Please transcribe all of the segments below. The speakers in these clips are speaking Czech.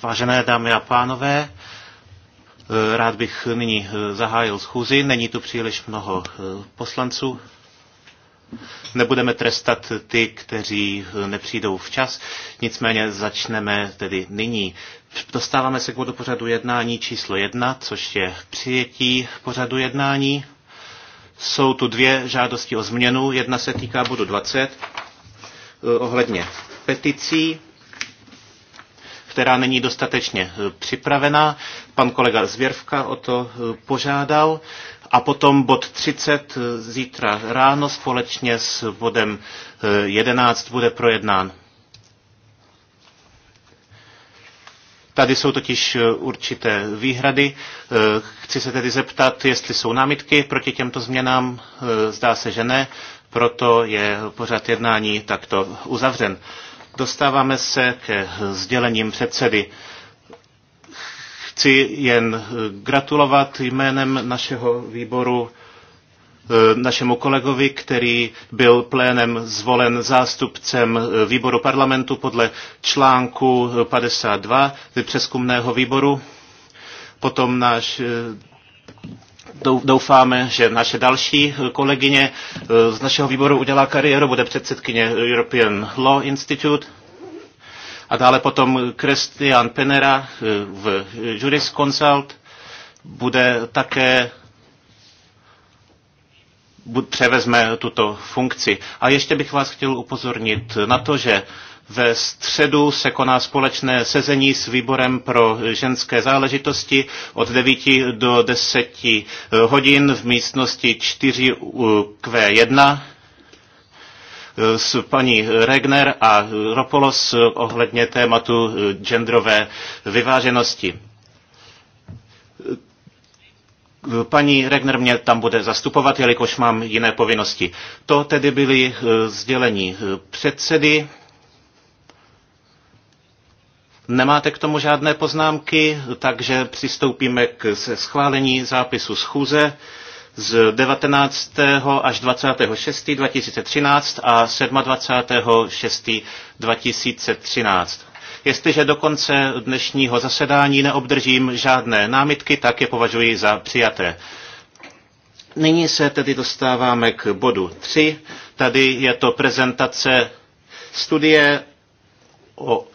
Vážené dámy a pánové, eh, rád bych nyní eh, zahájil schůzi. Není tu příliš mnoho eh, poslanců. Nebudeme trestat ty, kteří nepřijdou včas, nicméně začneme tedy nyní. Dostáváme se k bodu pořadu jednání číslo jedna, což je přijetí pořadu jednání. Jsou tu dvě žádosti o změnu. Jedna se týká bodu 20 Eh, ohledně peticí, která není dostatečně eh, připravená. Pan kolega Zvěrvka o to eh, požádal. A potom bod 30 zítra ráno společně s bodem 11 bude projednán. Tady jsou totiž určité výhrady. Chci se tedy zeptat, jestli jsou námitky proti těmto změnám. Zdá se, že ne. Proto je pořad jednání takto uzavřen. Dostáváme se ke sdělením předsedy. Chci jen gratulovat jménem našeho výboru eh, našemu kolegovi, který byl plénem zvolen zástupcem výboru parlamentu podle článku 52 přeskumného výboru. Potom náš eh, Doufáme, že naše další kolegyně eh, z našeho výboru udělá kariéru, bude předsedkyně European Law Institute a dále potom Christian Penera eh, v Jurisconsult bude také převezme tuto funkci. A ještě bych vás chtěl upozornit na to, že ve středu se koná společné sezení s výborem pro ženské záležitosti od 9 do 10 eh, hodin v místnosti 4Q1 eh, eh, s paní Regner a Ropolos ohledně tématu genderové vyváženosti. Paní Regner mě tam bude zastupovat, jelikož mám jiné povinnosti. To tedy byly sdělení předsedy. Nemáte k tomu žádné poznámky, takže přistoupíme k schválení zápisu schůze z 19. až 26. 2013 a 27. 6. 2013. Jestliže do konce dnešního zasedání neobdržím žádné námitky, tak je považuji za přijaté. Nyní se tedy dostáváme k bodu 3. Tady je to prezentace studie o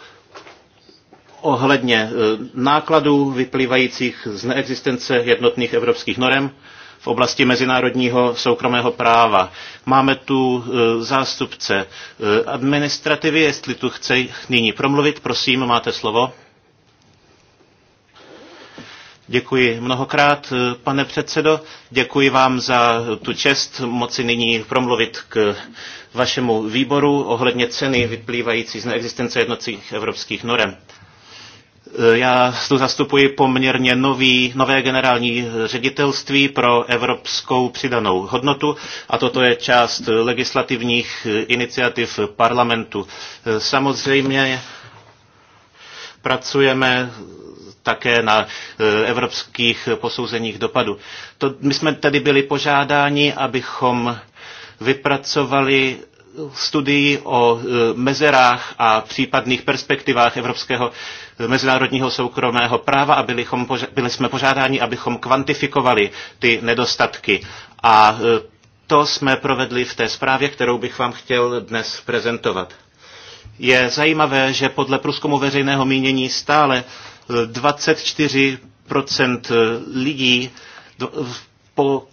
ohledně eh, nákladů vyplývajících z neexistence jednotných evropských norem v oblasti mezinárodního soukromého práva. Máme tu eh, zástupce eh, administrativy, jestli tu chce nyní promluvit, prosím, máte slovo. Děkuji mnohokrát, pane předsedo. Děkuji vám za tu čest moci nyní promluvit k vašemu výboru ohledně ceny vyplývající z neexistence jednotných evropských norem. Eh, já tu zastupuji poměrně nový, nové generální eh, ředitelství pro evropskou přidanou hodnotu a toto je část legislativních eh, iniciativ parlamentu. Samozřejmě pracujeme také na evropských posouzeních dopadu. To, my jsme tedy byli požádáni, abychom vypracovali studii o e, mezerách a případných perspektivách evropského e, mezinárodního soukromého práva a byli, byli jsme požádáni, abychom kvantifikovali ty nedostatky. A e, to jsme provedli v té zprávě, kterou bych vám chtěl dnes prezentovat. Je zajímavé, že podle průzkumu veřejného mínění stále 24 lidí po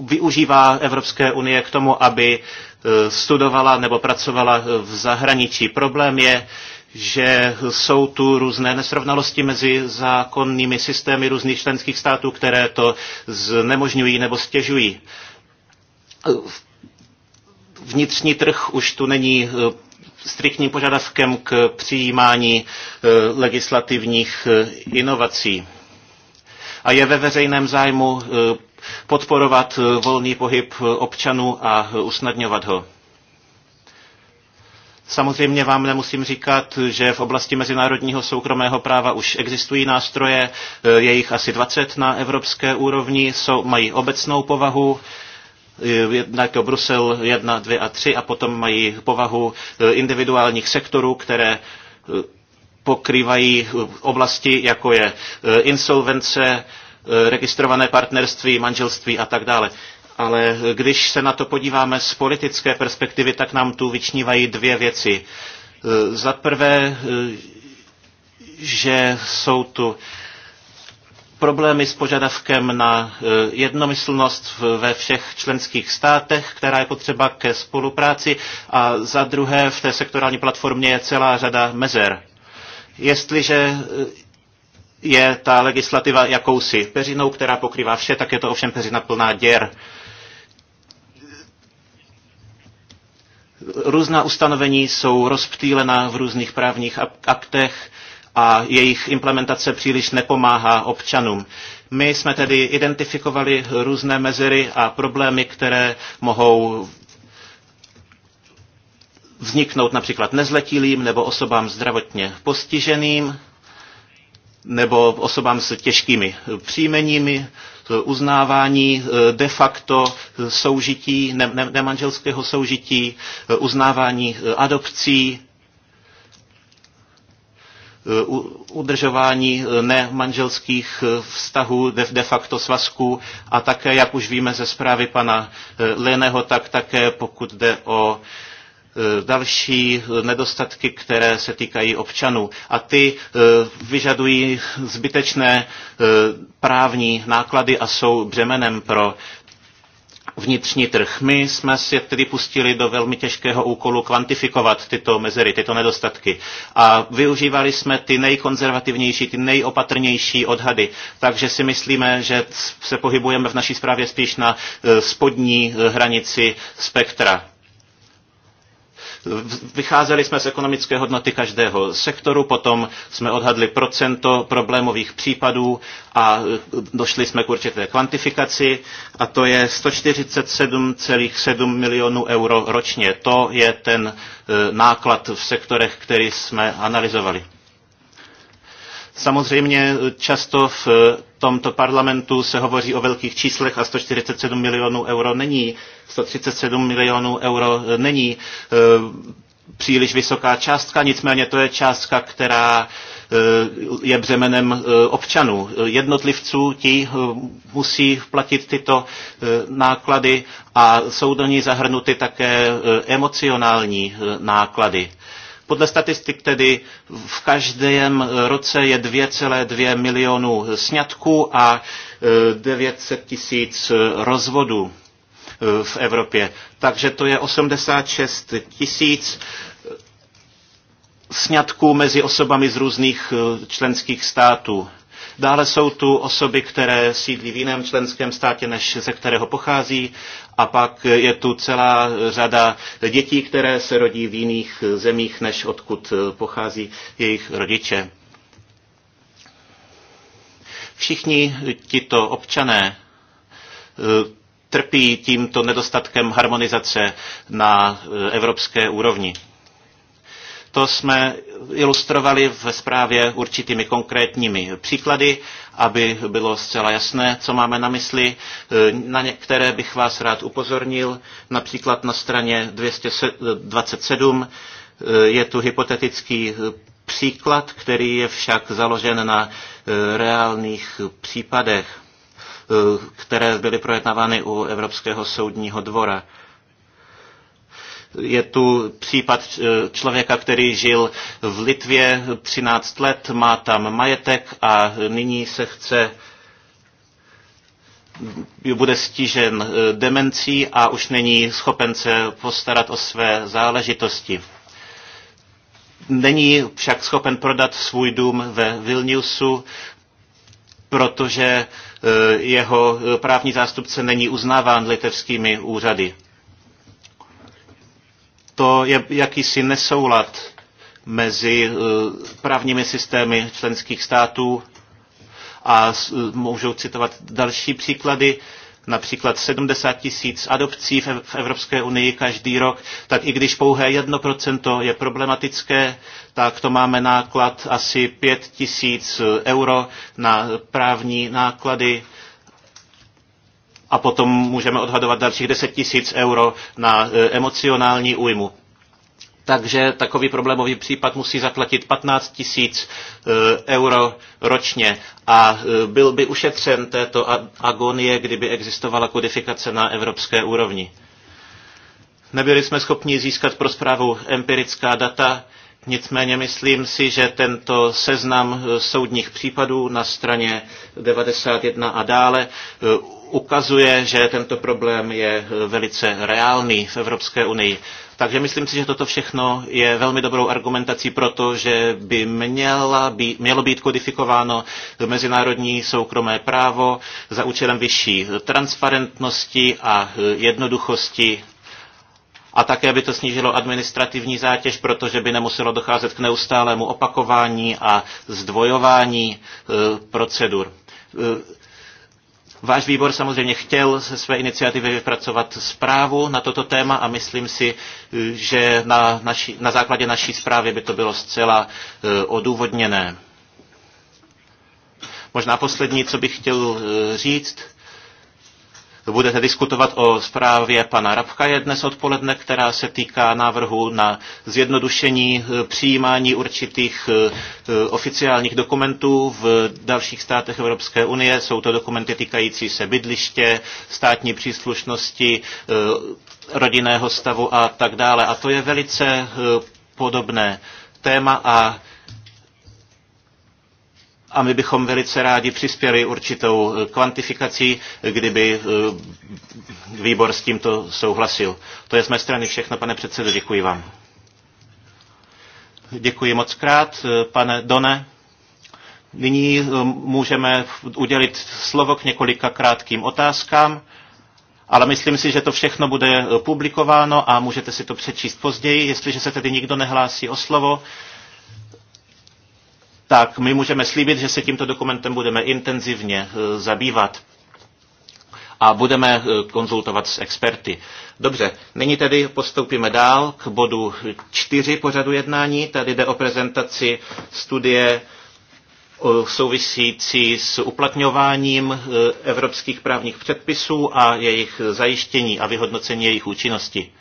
využívá Evropské unie k tomu, aby e, studovala nebo pracovala v zahraničí. Problém je, že jsou tu různé nesrovnalosti mezi zákonnými systémy různých členských států, které to znemožňují nebo stěžují. Vnitřní trh už tu není e, striktním požadavkem k přijímání e, legislativních inovací. A je ve veřejném zájmu podporovat eh, volný pohyb eh, občanů a eh, usnadňovat ho. Samozřejmě vám nemusím říkat, že v oblasti mezinárodního soukromého práva už existují nástroje, je jich asi 20 na evropské úrovni, jsou, mají obecnou povahu, jednak Brusel 1, 2 a 3 a potom mají povahu individuálních sektorů, které pokrývají oblasti, jako je insolvence, Eh, registrované partnerství, manželství a tak dále. Ale když se na to podíváme z politické perspektivy, tak nám tu vyčnívají dvě věci. Eh, za prvé, eh, že jsou tu problémy s požadavkem na jednomyslnost ve všech členských státech, která je potřeba ke spolupráci a za druhé v té sektorální platformě je celá řada mezer. Jestliže je ta legislativa jakousi peřinou, která pokrývá vše, tak je to ovšem peřina plná děr. Různá ustanovení jsou rozptýlená v různých právních aktech a jejich implementace příliš nepomáhá občanům. My jsme tedy identifikovali různé mezery a problémy, které mohou vzniknout například nezletilým nebo osobám zdravotně postiženým nebo osobám s těžkými eh, příjmeními, eh, uznávání eh, de facto soužití, ne, ne, nemanželského soužití, uznávání adopcí, udržování nemanželských vztahů, de facto svazků a také, jak už víme ze zprávy pana Leného, tak také pokud jde o Eh, další nedostatky, které se týkají občanů. A ty eh, vyžadují zbytečné eh, právní náklady a jsou břemenem pro vnitřní trh. My jsme si tedy pustili do velmi těžkého úkolu kvantifikovat tyto mezery, tyto nedostatky. A využívali jsme ty nejkonzervativnější, ty nejopatrnější odhady. Takže si myslíme, že se pohybujeme v naší zprávě spíš na spodní hranici spektra Vycházeli jsme z ekonomické hodnoty každého sektoru, potom jsme odhadli procento problémových případů a došli jsme k určité kvantifikaci a to je 147,7 milionů euro ročně. To je ten eh, náklad v sektorech, který jsme analyzovali. Samozřejmě eh, často v eh, tomto parlamentu se hovoří o velkých číslech a 147 milionů euro není, 137 milionů euro eh, není příliš vysoká částka, nicméně to je částka, která je břemenem občanů. Jednotlivců ti musí platit tyto náklady a jsou do ní zahrnuty také emocionální náklady. Podle statistik tedy v každém roce je 2,2 milionů sňatků a 900 e, tisíc rozvodů e, v Evropě. Takže to je 86 tisíc sňatků mezi osobami z různých e, členských států. Dále jsou tu osoby, které sídlí v jiném členském státě, než ze kterého pochází. A pak je tu celá řada dětí, které se rodí v jiných zemích, než odkud pochází jejich rodiče. Všichni tito občané eh, trpí tímto nedostatkem harmonizace na eh, evropské úrovni. To jsme ilustrovali ve zprávě určitými konkrétními příklady, aby bylo zcela jasné, co máme na mysli. E, na některé bych vás rád upozornil, například na straně 227 e, je tu hypotetický příklad, který je však založen na e, reálných případech, které byly projednávány u Evropského soudního dvora. Je tu případ eh, člověka, který žil v Litvě 13 let, má tam majetek a nyní se chce bude stížen eh, demencí a už není schopen se postarat o své záležitosti. Není však schopen prodat svůj dům ve Vilniusu, protože eh, jeho právní zástupce není uznáván litevskými úřady to je jakýsi nesoulad mezi eh, právními systémy členských států a eh, můžou citovat další příklady, například 70 tisíc adopcí v Evropské unii každý rok, tak i když pouhé 1% je problematické, tak to máme náklad asi 5 tisíc eh, euro na právní náklady a potom můžeme odhadovat dalších 10 tisíc euro na e, emocionální újmu. Takže takový problémový případ musí zaplatit 15 tisíc e, euro ročně a e, byl by ušetřen této agonie, kdyby existovala kodifikace na evropské úrovni. Nebyli jsme schopni získat pro zprávu empirická data, nicméně myslím si, že tento seznam soudních případů na straně 91 a dále ukazuje, že tento problém je eh, velice reálný v Evropské unii. Takže myslím si, že toto všechno je velmi dobrou argumentací pro to, že by měla být, mělo být kodifikováno mezinárodní soukromé právo za účelem vyšší transparentnosti a eh, jednoduchosti a také by to snížilo administrativní zátěž, protože by nemuselo docházet k neustálému opakování a zdvojování eh, procedur. Váš výbor samozřejmě chtěl ze své iniciativy vypracovat zprávu na toto téma a myslím si, eh, že na, naši, na základě naší zprávy by to bylo zcela eh, odůvodněné. Možná poslední, co bych chtěl eh, říct, budete diskutovat o zprávě pana Rabka je dnes odpoledne, která se týká návrhu na zjednodušení e, přijímání určitých e, e, oficiálních dokumentů v dalších státech Evropské unie. Jsou to dokumenty týkající se bydliště, státní příslušnosti, rodinného stavu a tak dále. A to je velice podobné téma a a my bychom velice rádi přispěli určitou eh, kvantifikací, eh, kdyby eh, výbor s tímto souhlasil. To je z mé strany všechno, pane předsedo, děkuji vám. Děkuji moc krát, pane Done. Nyní můžeme udělit slovo k několika krátkým otázkám, ale myslím si, že to všechno bude publikováno a můžete si to přečíst později. Jestliže se tedy nikdo nehlásí o slovo, tak my můžeme slíbit, že se tímto dokumentem budeme intenzivně eh, zabývat a budeme eh, konzultovat s experty. Dobře, nyní tedy postoupíme dál k bodu 4 pořadu jednání. Tady jde o prezentaci studie eh, související s uplatňováním evropských právních předpisů a jejich zajištění a vyhodnocení jejich účinnosti.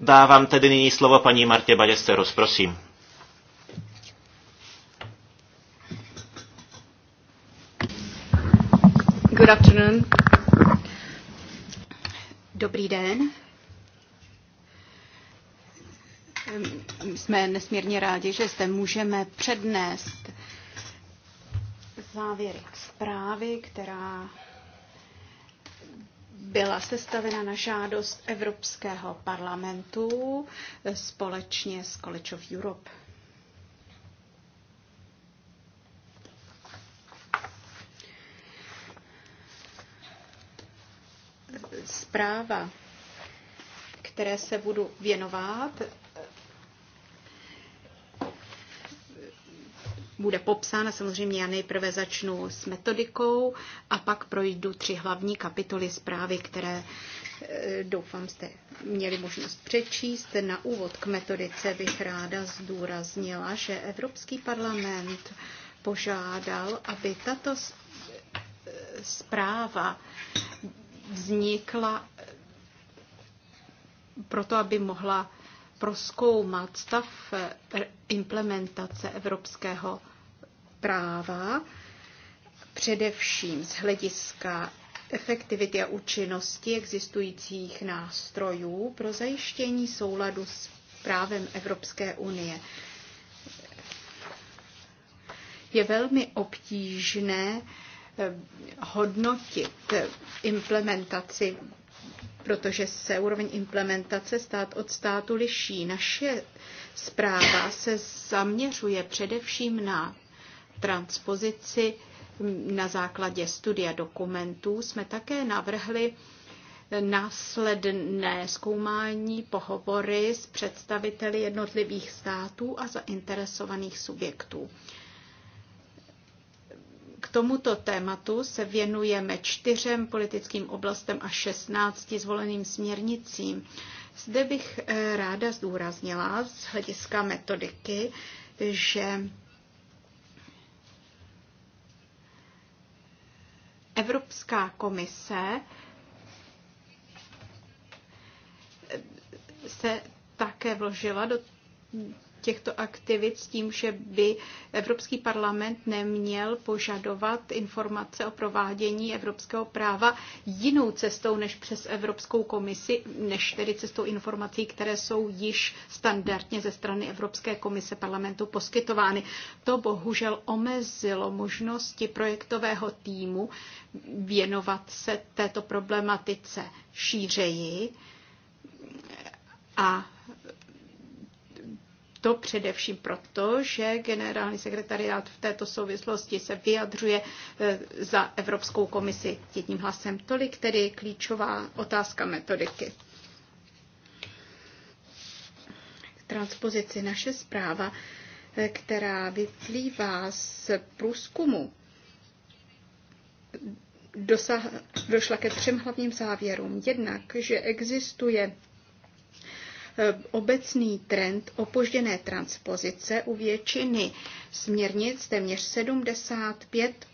Dávám tedy nyní slovo paní Martě Baděste, prosím. Good afternoon. Dobrý den. Jsme nesmírně rádi, že zde můžeme přednést závěry zprávy, která byla sestavena na žádost Evropského parlamentu společně s College of Europe. zpráva, které se budu věnovat, bude popsána. Samozřejmě já nejprve začnu s metodikou a pak projdu tři hlavní kapitoly zprávy, které eh, doufám jste měli možnost přečíst. Na úvod k metodice bych ráda zdůraznila, že Evropský parlament požádal, aby tato eh, zpráva vznikla proto, aby mohla proskoumat stav eh, implementace evropského práva, především z hlediska efektivity a účinnosti existujících nástrojů pro zajištění souladu s právem Evropské unie. Je velmi obtížné Eh, hodnotit implementaci, protože se úroveň implementace stát od státu liší. Naše zpráva se zaměřuje především na transpozici mm, na základě studia dokumentů. Jsme také navrhli následné zkoumání, pohovory s představiteli jednotlivých států a zainteresovaných subjektů. K tomuto tématu se věnujeme čtyřem politickým oblastem a šestnácti zvoleným směrnicím. Zde bych eh, ráda zdůraznila z hlediska metodiky, že Evropská komise se také vložila do těchto aktivit s tím, že by Evropský parlament neměl požadovat informace o provádění evropského práva jinou cestou než přes Evropskou komisi, než tedy cestou informací, které jsou již standardně ze strany Evropské komise parlamentu poskytovány. To bohužel omezilo možnosti projektového týmu věnovat se této problematice šířeji a to především proto, že generální sekretariát v této souvislosti se vyjadřuje e, za Evropskou komisi jedním hlasem. Tolik tedy klíčová otázka metodiky. K transpozici naše zpráva, e, která vyplývá z průzkumu, dosah, došla ke třem hlavním závěrům. Jednak, že existuje Eh, obecný trend opožděné transpozice u většiny směrnic, téměř 75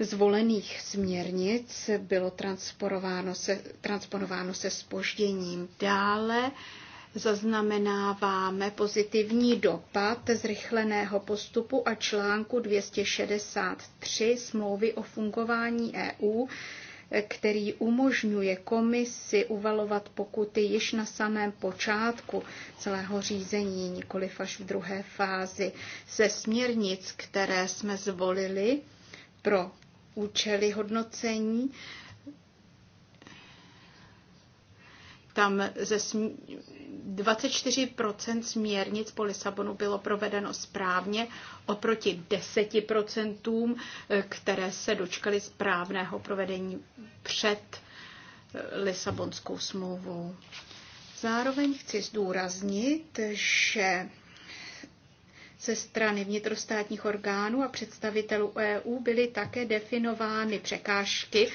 zvolených směrnic bylo transponováno se, transponováno se spožděním. Dále zaznamenáváme pozitivní dopad zrychleného postupu a článku 263 smlouvy o fungování EU, který umožňuje komisi uvalovat pokuty již na samém počátku celého řízení, nikoliv až v druhé fázi. Ze směrnic, které jsme zvolili pro účely hodnocení, tam ze sm- 24% směrnic po Lisabonu bylo provedeno správně oproti 10%, eh, které se dočkaly správného provedení před eh, Lisabonskou smlouvou. Zároveň chci zdůraznit, že ze strany vnitrostátních orgánů a představitelů EU byly také definovány překážky,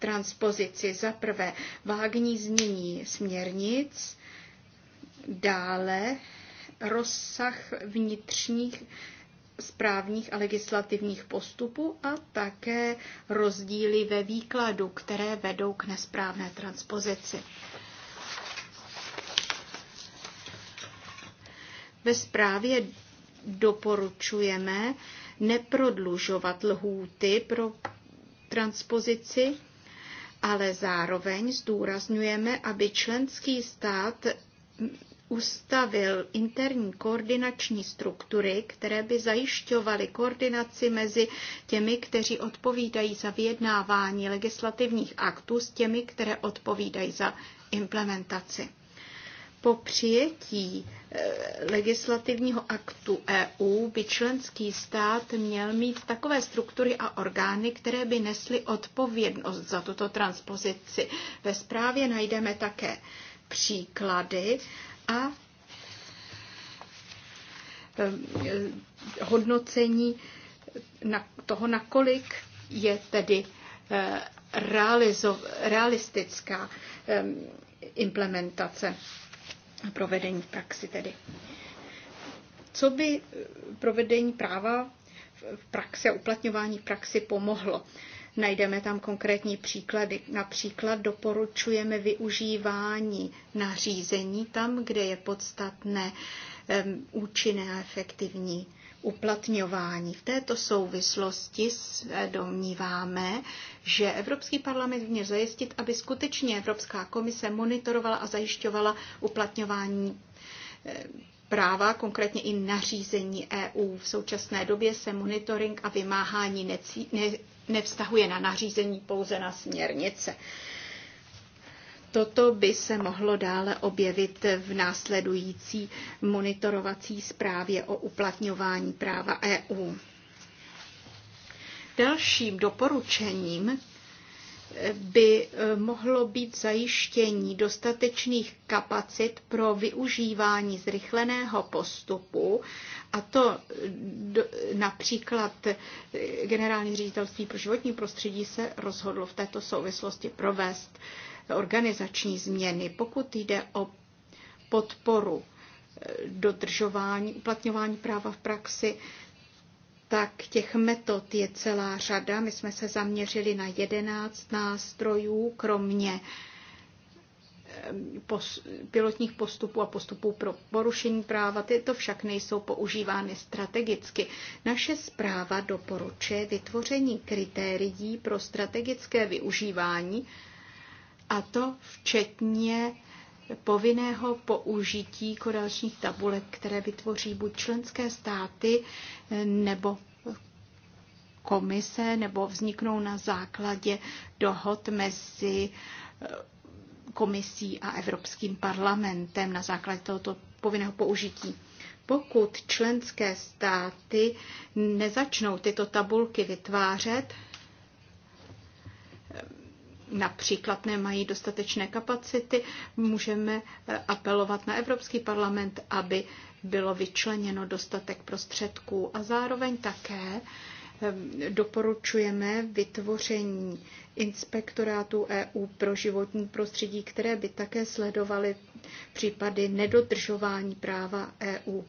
transpozici. Za prvé vágní znění směrnic, dále rozsah vnitřních správních a legislativních postupů a také rozdíly ve výkladu, které vedou k nesprávné transpozici. Ve zprávě doporučujeme neprodlužovat lhůty pro transpozici ale zároveň zdůrazňujeme, aby členský stát ustavil interní koordinační struktury, které by zajišťovaly koordinaci mezi těmi, kteří odpovídají za vyjednávání legislativních aktů s těmi, které odpovídají za implementaci. Po přijetí eh, legislativního aktu EU by členský stát měl mít takové struktury a orgány, které by nesly odpovědnost za tuto transpozici. Ve zprávě najdeme také příklady a eh, hodnocení toho, nakolik je tedy eh, realistická implementace provedení v praxi tedy. Co by eh, provedení práva v praxi a uplatňování v praxi pomohlo? Najdeme tam konkrétní příklady. Například doporučujeme využívání nařízení tam, kde je podstatné účinné a efektivní uplatňování. V této souvislosti domníváme, že Evropský parlament měl zajistit, aby skutečně Evropská komise monitorovala a zajišťovala uplatňování eh, práva, konkrétně i nařízení EU. V současné době se monitoring a vymáhání necí, ne, nevztahuje na nařízení pouze na směrnice. Toto by se mohlo dále objevit v následující monitorovací zprávě o uplatňování práva EU. Dalším doporučením eh, by eh, mohlo být zajištění dostatečných kapacit pro využívání zrychleného postupu, a to eh, například generální ředitelství pro životní prostředí se rozhodlo v této souvislosti provést organizační změny. Pokud jde o podporu eh, dodržování, uplatňování práva v praxi, tak těch metod je celá řada. My jsme se zaměřili na jedenáct nástrojů, kromě eh, pilotních postupů a postupů pro porušení práva. Tyto však nejsou používány strategicky. Naše zpráva doporučuje vytvoření kritérií pro strategické využívání a to včetně povinného použití korelačních tabulek, které vytvoří buď členské státy nebo komise, nebo vzniknou na základě dohod mezi eh, komisí a Evropským parlamentem na základě tohoto povinného použití. Pokud členské státy nezačnou tyto tabulky vytvářet, například nemají dostatečné kapacity, můžeme eh, apelovat na Evropský parlament, aby bylo vyčleněno dostatek prostředků a zároveň také eh, doporučujeme vytvoření inspektorátu EU pro životní prostředí, které by také sledovaly případy nedodržování práva EU.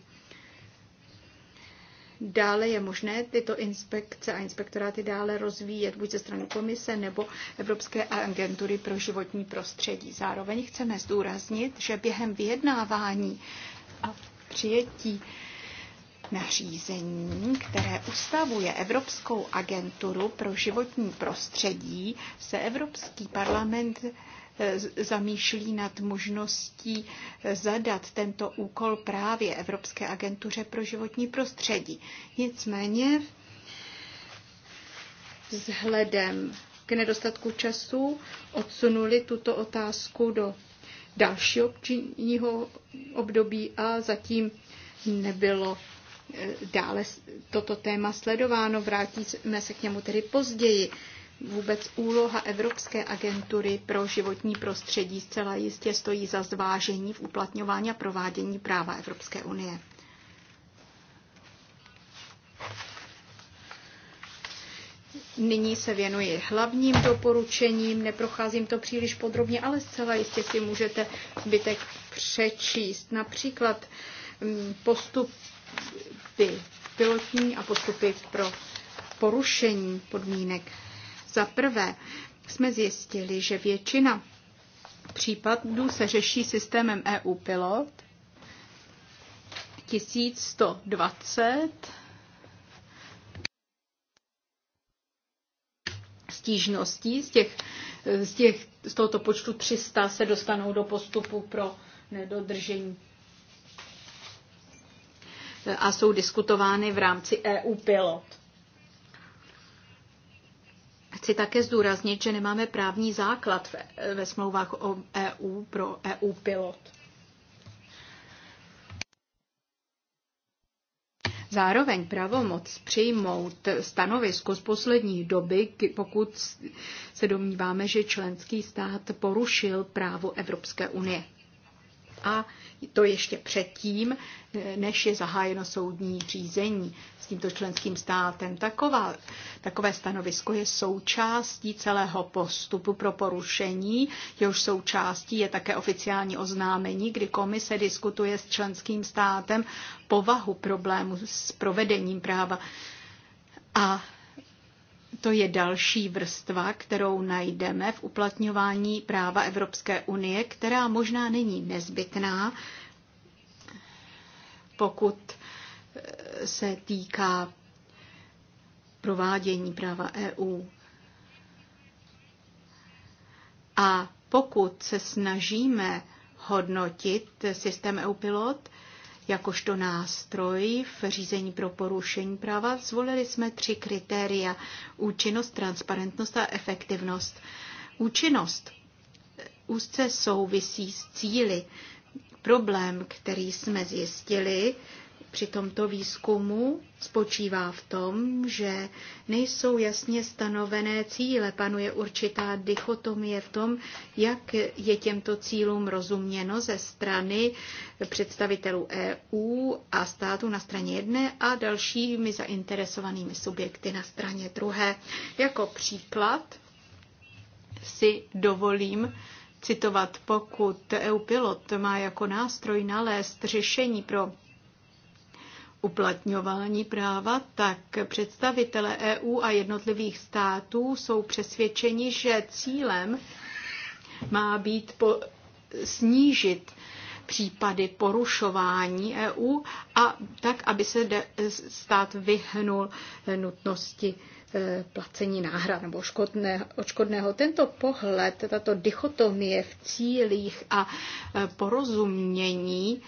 Dále je možné tyto inspekce a inspektoráty dále rozvíjet buď ze strany komise nebo Evropské agentury pro životní prostředí. Zároveň chceme zdůraznit, že během vyjednávání a přijetí nařízení, které ustavuje Evropskou agenturu pro životní prostředí, se Evropský parlament E, zamýšlí nad možností e, zadat tento úkol právě Evropské agentuře pro životní prostředí. Nicméně vzhledem k nedostatku času odsunuli tuto otázku do dalšího občinního období a zatím nebylo e, dále toto téma sledováno. Vrátíme se k němu tedy později. Vůbec úloha Evropské agentury pro životní prostředí zcela jistě stojí za zvážení v uplatňování a provádění práva Evropské unie. Nyní se věnuji hlavním doporučením, neprocházím to příliš podrobně, ale zcela jistě si můžete zbytek přečíst. Například mm, postupy pilotní a postupy pro porušení podmínek za prvé jsme zjistili, že většina případů se řeší systémem EU Pilot 1120 stížností. Z, těch, z, těch, z tohoto počtu 300 se dostanou do postupu pro nedodržení a jsou diskutovány v rámci EU Pilot. Chci také zdůraznit, že nemáme právní základ e- ve smlouvách o EU pro EU pilot. Zároveň pravomoc přijmout stanovisko z poslední doby, pokud se domníváme, že členský stát porušil právo Evropské unie. A to ještě předtím, než je zahájeno soudní řízení s tímto členským státem. Taková, takové stanovisko je součástí celého postupu pro porušení, jehož součástí je také oficiální oznámení, kdy komise diskutuje s členským státem povahu problému s provedením práva. A to je další vrstva, kterou najdeme v uplatňování práva Evropské unie, která možná není nezbytná, pokud eh, se týká provádění práva EU. A pokud se snažíme hodnotit systém EU pilot, jakožto nástroj v řízení pro porušení práva. Zvolili jsme tři kritéria. Účinnost, transparentnost a efektivnost. Účinnost eh, úzce souvisí s cíly. Problém, který jsme zjistili, při tomto výzkumu spočívá v tom, že nejsou jasně stanovené cíle. Panuje určitá dichotomie v tom, jak je těmto cílům rozuměno ze strany představitelů EU a státu na straně jedné a dalšími zainteresovanými subjekty na straně druhé. Jako příklad si dovolím citovat, pokud EU pilot má jako nástroj nalézt řešení pro uplatňování práva, tak představitele EU a jednotlivých států jsou přesvědčeni, že cílem má být po, snížit případy porušování EU a tak, aby se de, stát vyhnul nutnosti e, placení náhrad nebo škodné, odškodného. Tento pohled, tato dichotomie v cílích a e, porozumění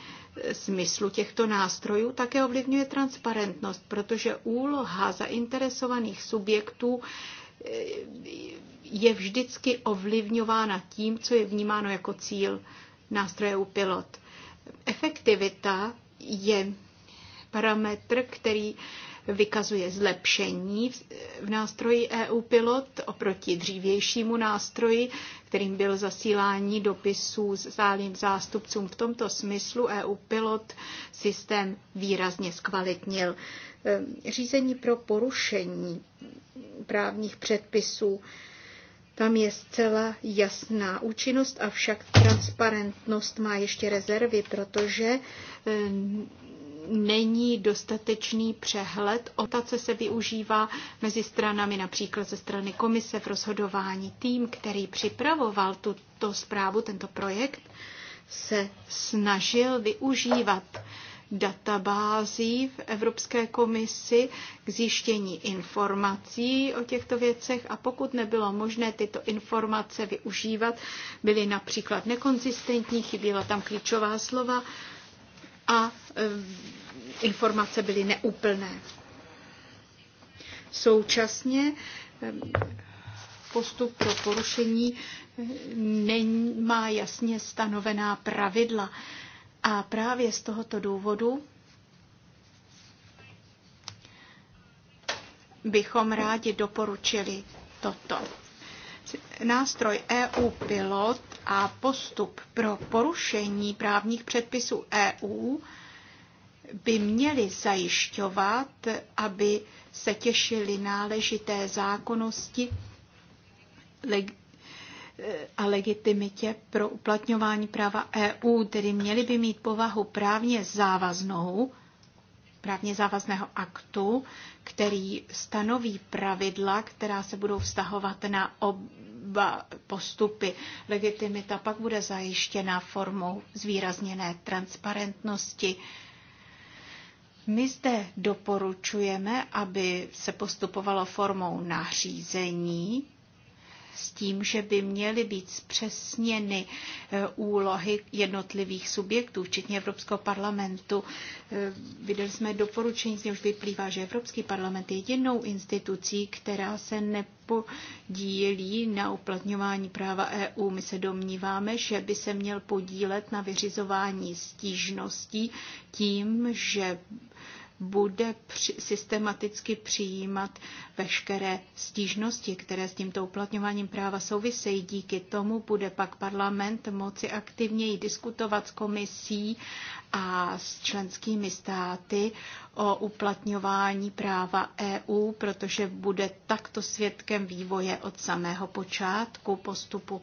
smyslu těchto nástrojů také ovlivňuje transparentnost, protože úloha zainteresovaných subjektů eh, je vždycky ovlivňována tím, co je vnímáno jako cíl nástroje u pilot. Efektivita je parametr, který vykazuje zlepšení v nástroji EU Pilot oproti dřívějšímu nástroji, kterým byl zasílání dopisů zálým zástupcům. V tomto smyslu EU Pilot systém výrazně zkvalitnil. Ehm, řízení pro porušení právních předpisů tam je zcela jasná účinnost, avšak transparentnost má ještě rezervy, protože ehm, není dostatečný přehled. Otace se využívá mezi stranami, například ze strany komise v rozhodování. Tým, který připravoval tuto zprávu, tento projekt, se snažil využívat databází v Evropské komisi k zjištění informací o těchto věcech a pokud nebylo možné tyto informace využívat, byly například nekonzistentní, chyběla tam klíčová slova, a e, informace byly neúplné. Současně e, postup pro porušení e, nemá jasně stanovená pravidla. A právě z tohoto důvodu bychom rádi doporučili toto nástroj EU Pilot a postup pro porušení právních předpisů EU by měly zajišťovat, aby se těšili náležité zákonnosti a legitimitě pro uplatňování práva EU, tedy měly by mít povahu právně závaznou právně závazného aktu, který stanoví pravidla, která se budou vztahovat na oba postupy. Legitimita pak bude zajištěna formou zvýrazněné transparentnosti. My zde doporučujeme, aby se postupovalo formou nařízení, s tím, že by měly být zpřesněny e, úlohy jednotlivých subjektů, včetně Evropského parlamentu. E, Viděli jsme doporučení, z něhož vyplývá, že Evropský parlament je jedinou institucí, která se nepodílí na uplatňování práva EU. My se domníváme, že by se měl podílet na vyřizování stížností tím, že bude při, systematicky přijímat veškeré stížnosti, které s tímto uplatňováním práva souvisejí. Díky tomu bude pak parlament moci aktivněji diskutovat s komisí a s členskými státy o uplatňování práva EU, protože bude takto svědkem vývoje od samého počátku postupu.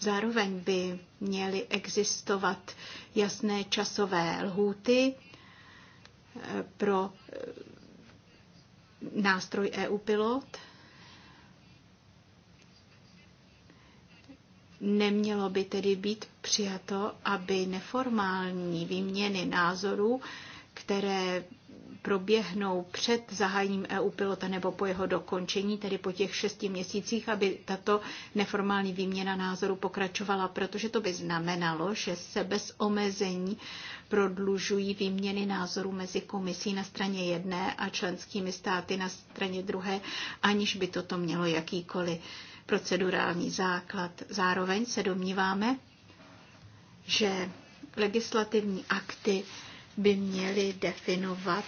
Zároveň by měly existovat jasné časové lhůty pro eh, nástroj EU Pilot. Nemělo by tedy být přijato, aby neformální výměny názorů, které proběhnou před zahájením EU pilota nebo po jeho dokončení, tedy po těch šesti měsících, aby tato neformální výměna názoru pokračovala, protože to by znamenalo, že se bez omezení prodlužují výměny názorů mezi komisí na straně jedné a členskými státy na straně druhé, aniž by toto mělo jakýkoliv procedurální základ. Zároveň se domníváme, že legislativní akty by měly definovat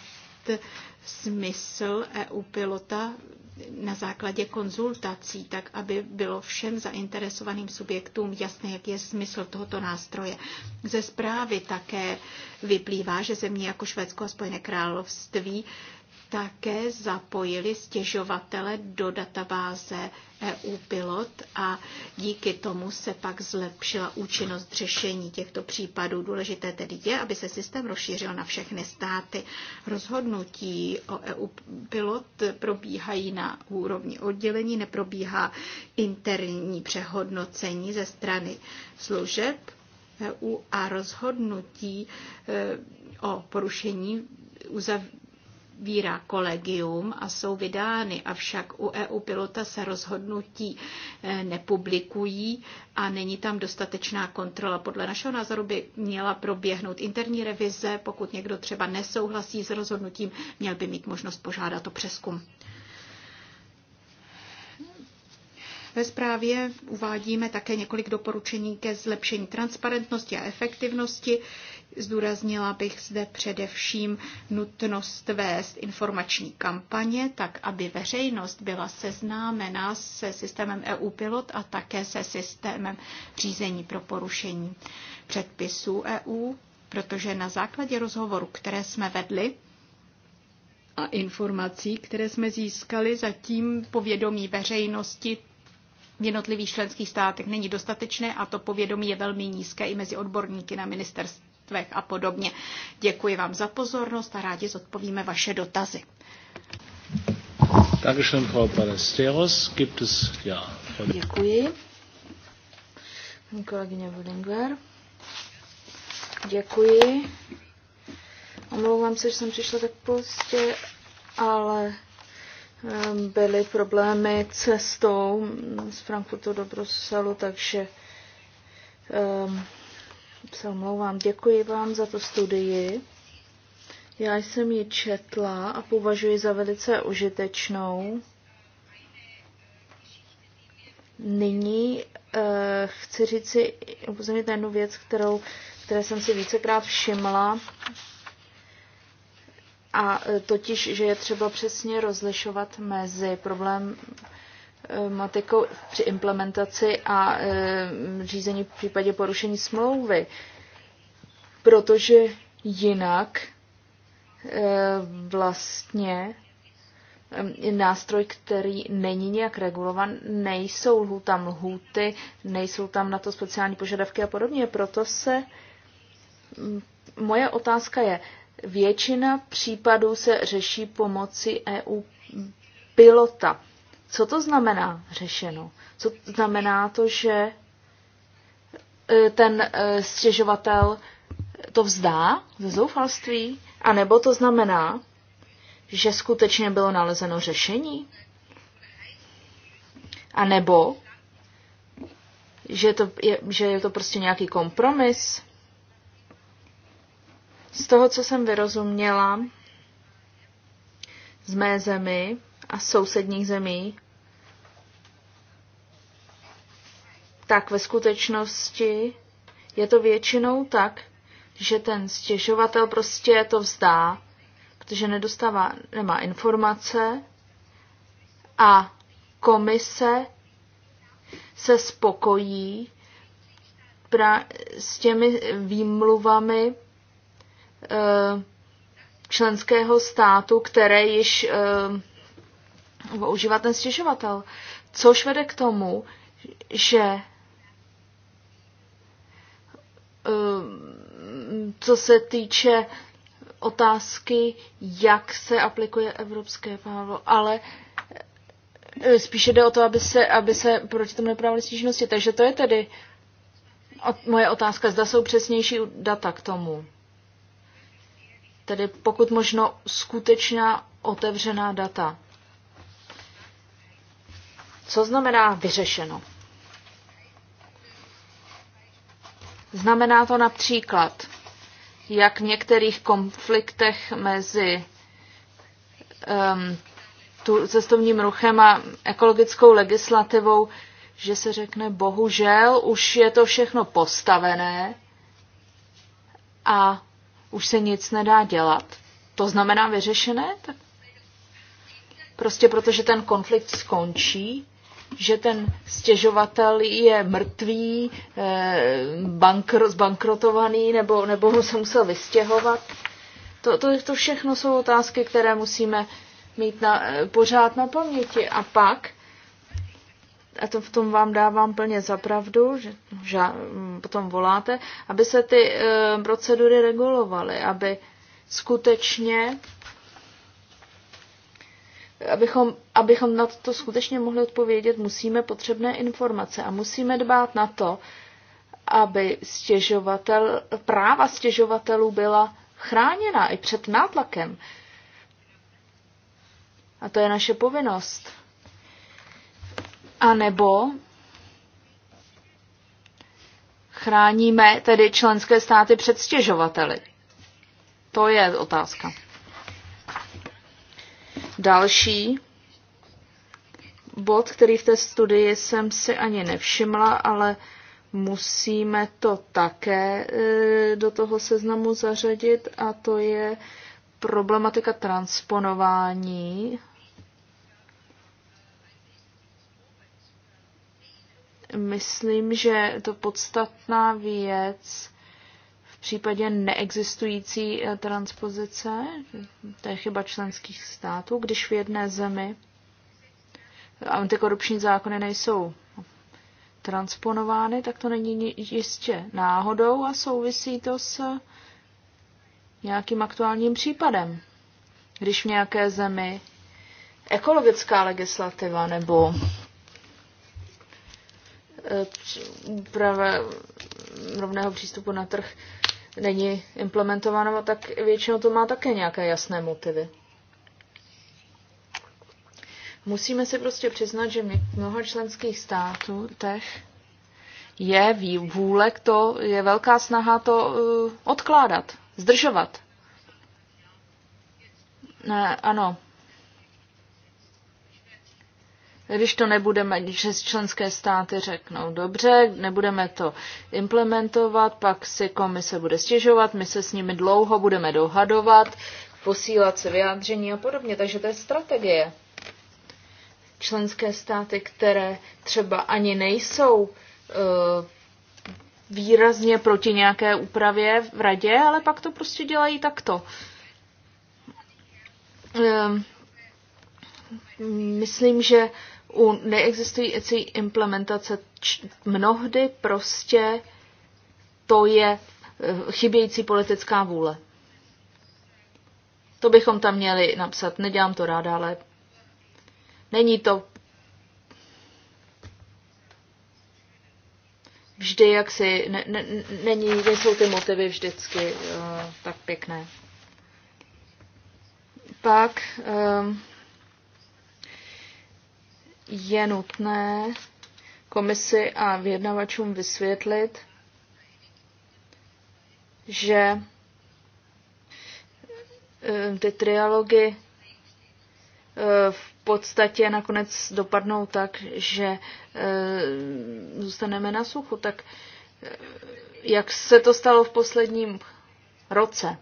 smysl EU pilota na základě konzultací, tak aby bylo všem zainteresovaným subjektům jasné, jaký je smysl tohoto nástroje. Ze zprávy také vyplývá, že země jako Švédsko a Spojené království také zapojili stěžovatele do databáze EU Pilot a díky tomu se pak zlepšila účinnost řešení těchto případů. Důležité tedy je, aby se systém rozšířil na všechny státy. Rozhodnutí o EU Pilot probíhají na úrovni oddělení, neprobíhá interní přehodnocení ze strany služeb EU a rozhodnutí e, o porušení uzav vybírá kolegium a jsou vydány, avšak u EU pilota se rozhodnutí eh, nepublikují a není tam dostatečná kontrola. Podle našeho názoru by měla proběhnout interní revize, pokud někdo třeba nesouhlasí s rozhodnutím, měl by mít možnost požádat o přeskum. Ve zprávě uvádíme také několik doporučení ke zlepšení transparentnosti a efektivnosti Zdůraznila bych zde především nutnost vést informační kampaně, tak aby veřejnost byla seznámena se systémem EU Pilot a také se systémem řízení pro porušení předpisů EU, protože na základě rozhovoru, které jsme vedli, a informací, které jsme získali, zatím povědomí veřejnosti v jednotlivých členských státech není dostatečné a to povědomí je velmi nízké i mezi odborníky na ministerstvu družstvech a podobně. Děkuji vám za pozornost a rádi zodpovíme vaše dotazy. Dankeschön, Frau Ballesteros. Gibt es, ja. Děkuji. Kolegyně Budingler. Děkuji. Omlouvám se, že jsem přišla tak pozdě, ale ehm, byly problémy cestou z Frankfurtu do Bruselu, takže um, se omlouvám, děkuji vám za tu studii. Já jsem ji četla a považuji za velice užitečnou. Nyní eh, chci říci, upozornit jednu věc, kterou, které jsem si vícekrát všimla, a eh, totiž, že je třeba přesně rozlišovat mezi problém matikou při implementaci a eh, řízení v případě porušení smlouvy, protože jinak eh, vlastně eh, nástroj, který není nějak regulovan, nejsou tam lhůty, nejsou tam na to speciální požadavky a podobně. Proto se mm, moje otázka je, většina případů se řeší pomocí EU pilota. Co to znamená řešeno? Co to znamená to, že e, ten e, stěžovatel to vzdá ze zoufalství? A nebo to znamená, že skutečně bylo nalezeno řešení? A nebo, že, to je, že je to prostě nějaký kompromis? Z toho, co jsem vyrozuměla z mé zemi, a sousedních zemí, tak ve skutečnosti je to většinou tak, že ten stěžovatel prostě to vzdá, protože nedostává, nemá informace a komise se spokojí pra, s těmi výmluvami e, členského státu, které již e, používat ten stěžovatel, což vede k tomu, že ehm, co se týče otázky, jak se aplikuje evropské právo, ale e, spíše jde o to, aby se, aby se proti tomu neprávali stížnosti. Takže to je tedy moje otázka, zda jsou přesnější data k tomu. Tedy pokud možno skutečná otevřená data. Co znamená vyřešeno? Znamená to například, jak v některých konfliktech mezi um, tu cestovním ruchem a ekologickou legislativou, že se řekne, bohužel už je to všechno postavené a už se nic nedá dělat. To znamená vyřešené? Tak prostě protože ten konflikt skončí že ten stěžovatel je mrtvý, eh, bankr, zbankrotovaný nebo, nebo ho se musel vystěhovat. To, to, to všechno jsou otázky, které musíme mít na, eh, pořád na paměti. A pak, a to v tom vám dávám plně za pravdu, že, že hm, potom voláte, aby se ty e, procedury regulovaly, aby skutečně abychom, abychom na to skutečně mohli odpovědět, musíme potřebné informace a musíme dbát na to, aby stěžovatel, práva stěžovatelů byla chráněna i před nátlakem. A to je naše povinnost. A nebo chráníme tedy členské státy před stěžovateli. To je otázka. Další bod, který v té studii jsem si ani nevšimla, ale musíme to také e, do toho seznamu zařadit a to je problematika transponování. Myslím, že to podstatná věc případě neexistující eh, transpozice, to je chyba členských států, když v jedné zemi antikorupční zákony nejsou transponovány, tak to není jistě náhodou a souvisí to s nějakým aktuálním případem. Když v nějaké zemi ekologická legislativa nebo eh, úprava rovného přístupu na trh není implementováno, tak většinou to má také nějaké jasné motivy. Musíme si prostě přiznat, že mnoho členských států tech je vůle, to je velká snaha to uh, odkládat, zdržovat. Ne, ano, když to nebudeme, když členské státy řeknou, dobře, nebudeme to implementovat, pak si komise bude stěžovat, my se s nimi dlouho budeme dohadovat, posílat se vyjádření a podobně. Takže to je strategie. Členské státy, které třeba ani nejsou uh, výrazně proti nějaké úpravě v radě, ale pak to prostě dělají takto. Uh, myslím, že u neexistující implementace mnohdy prostě to je eh, chybějící politická vůle. To bychom tam měli napsat. Nedělám to ráda, ale není to vždy jaksi, ne, ne, není, nejsou ty motivy vždycky uh, tak pěkné. Pak um, je nutné komisi a vyjednavačům vysvětlit, že eh, ty trialogy eh, v podstatě nakonec dopadnou tak, že eh, zůstaneme na suchu. Tak jak se to stalo v posledním roce,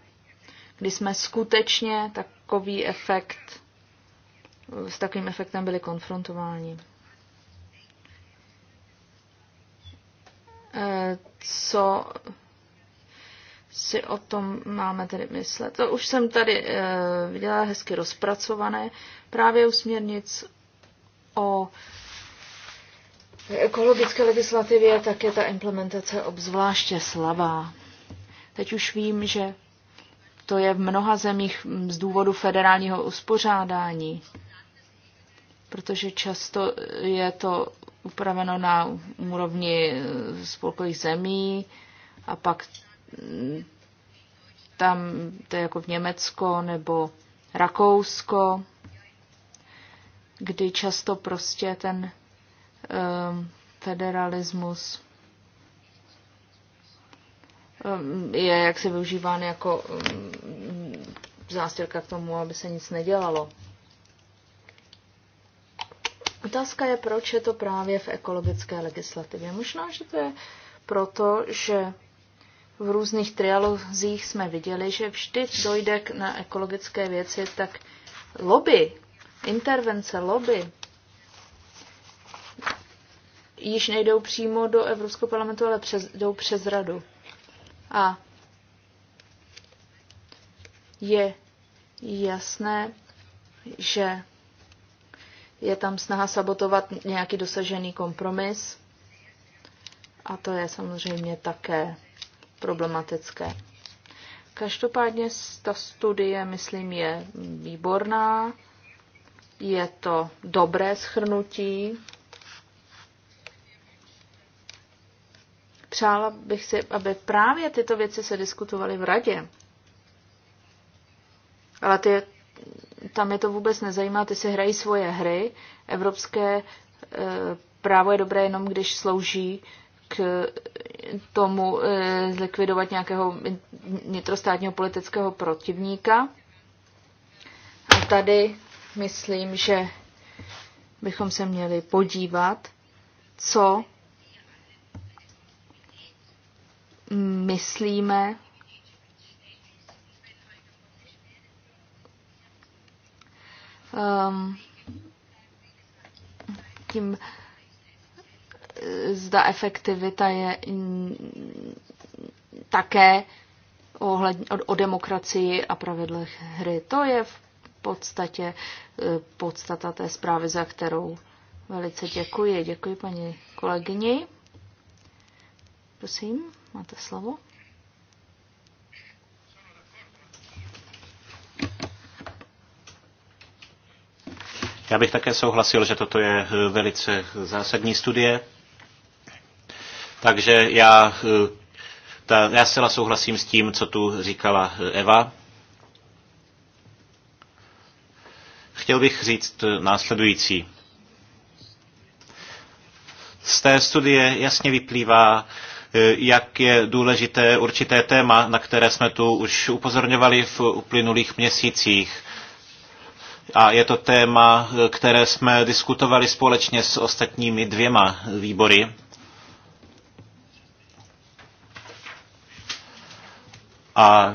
kdy jsme skutečně takový efekt s takovým efektem byli konfrontováni. Eh, co si o tom máme tedy myslet? To už jsem tady eh, viděla hezky rozpracované právě u směrnic o ekologické legislativě, tak je ta implementace obzvláště slabá. Teď už vím, že to je v mnoha zemích z důvodu federálního uspořádání protože často je to upraveno na úrovni spolkových zemí a pak mm, tam to je jako v Německo nebo Rakousko, kdy často prostě ten um, federalismus um, je jak se využíván jako um, mm, zástěrka k tomu, aby se nic nedělalo. Otázka je, proč je to právě v ekologické legislativě. Možná, že to je proto, že v různých trialozích jsme viděli, že vždy dojde na ekologické věci, tak lobby, intervence lobby, již nejdou přímo do Evropského parlamentu, ale přes, jdou přes radu. A je jasné, že je tam snaha sabotovat nějaký dosažený kompromis a to je samozřejmě také problematické. Každopádně ta studie, myslím, je výborná, je to dobré schrnutí. Přála bych si, aby právě tyto věci se diskutovaly v radě. Ale ty tam je to vůbec nezajímá, ty si hrají svoje hry. Evropské eh, právo je dobré jenom, když slouží k tomu eh, zlikvidovat nějakého vnitrostátního politického protivníka. A tady myslím, že bychom se měli podívat, co myslíme um, tím, eh, zda efektivita je také o, o demokracii a pravidlech hry. To je v podstatě eh, podstata té zprávy, za kterou velice děkuji. Děkuji paní kolegyni. Prosím, máte slovo. Já bych také souhlasil, že toto je eh, velice eh, zásadní studie. Takže já, eh, ta, já zcela souhlasím s tím, co tu říkala Eva. Chtěl bych říct následující. Z té studie jasně vyplývá, jak je důležité určité téma, na které jsme tu už upozorňovali v uplynulých měsících a je to téma, které jsme diskutovali společně s ostatními dvěma výbory. A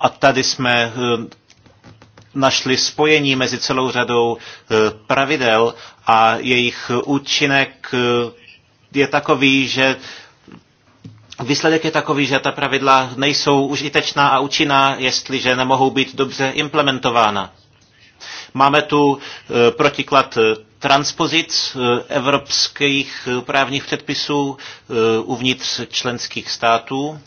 a tady jsme eh, našli spojení mezi celou řadou eh, pravidel a jejich účinek eh, je takový, že Výsledek je takový, že ta pravidla nejsou užitečná a účinná, jestliže nemohou být dobře implementována. Máme tu e, protiklad e, transpozic e, evropských právních předpisů uvnitř členských států.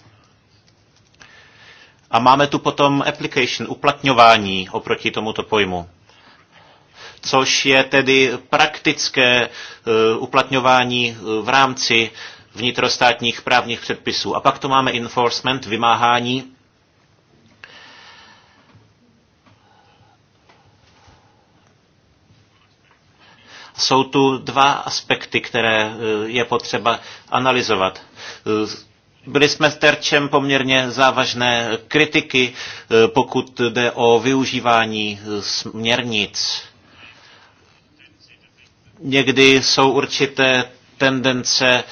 A máme tu potom application, uplatňování oproti tomuto pojmu což je tedy praktické uplatňování v rámci vnitrostátních právních předpisů. A pak tu máme enforcement, vymáhání. Jsou tu dva aspekty, které eh, je potřeba analyzovat. Eh, byli jsme terčem poměrně závažné kritiky, eh, pokud jde o využívání směrnic. Někdy jsou určité tendence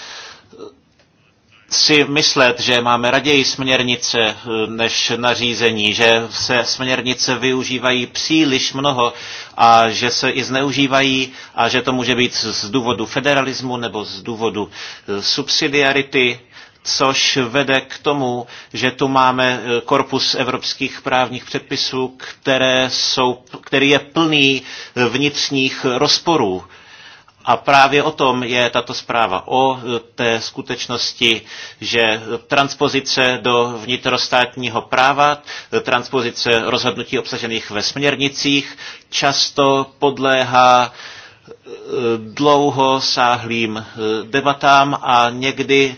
si myslet, že máme raději směrnice eh, než nařízení, že se směrnice využívají příliš mnoho a že se i zneužívají a že to může být z důvodu federalismu nebo z důvodu eh, subsidiarity, což vede k tomu, že tu máme eh, korpus evropských právních předpisů, které jsou, který je plný vnitřních rozporů a právě o tom je tato zpráva, o e, té skutečnosti, že transpozice do vnitrostátního práva, e, transpozice rozhodnutí obsažených ve směrnicích často podléhá e, dlouho sáhlým debatám a někdy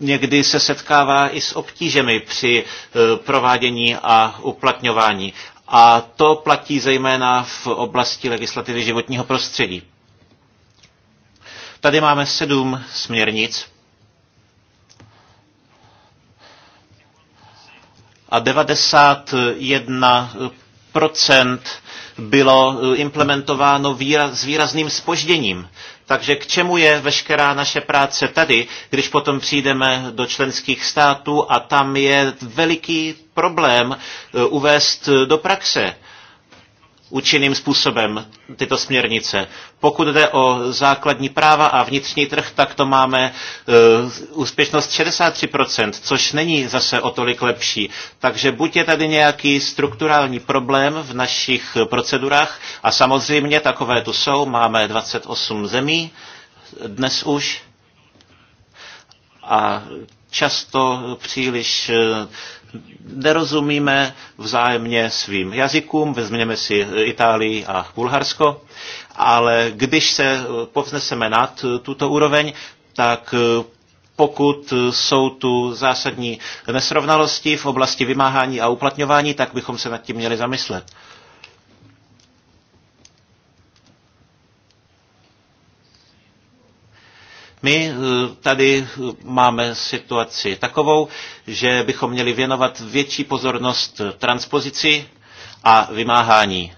někdy se setkává i s obtížemi při provádění a uplatňování a to platí zejména v oblasti legislativy životního prostředí. Tady máme sedm směrnic a 91 bylo implementováno výra- s výrazným spožděním. Takže k čemu je veškerá naše práce tady, když potom přijdeme do členských států a tam je veliký problém eh, uvést do praxe účinným způsobem tyto směrnice. Pokud jde o základní práva a vnitřní trh, tak to máme uh, úspěšnost 63%, což není zase o tolik lepší. Takže buď je tady nějaký strukturální problém v našich procedurách a samozřejmě takové tu jsou, máme 28 zemí dnes už a často příliš uh, nerozumíme vzájemně svým jazykům, vezměme si Itálii a Bulharsko, ale když se povzneseme nad tuto úroveň, tak pokud jsou tu zásadní nesrovnalosti v oblasti vymáhání a uplatňování, tak bychom se nad tím měli zamyslet. My eh, tady eh, máme situaci takovou, že bychom měli věnovat větší pozornost transpozici a vymáhání.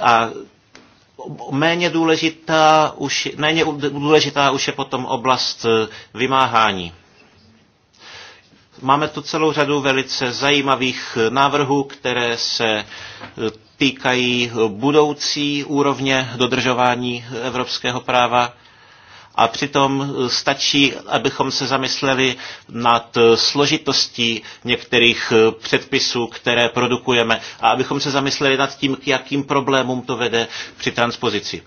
A méně důležitá už, méně důležitá už je potom oblast eh, vymáhání. Máme tu celou řadu velice zajímavých návrhů, které se týkají budoucí úrovně dodržování evropského práva. A přitom stačí, abychom se zamysleli nad složitostí některých předpisů, které produkujeme, a abychom se zamysleli nad tím, k jakým problémům to vede při transpozici.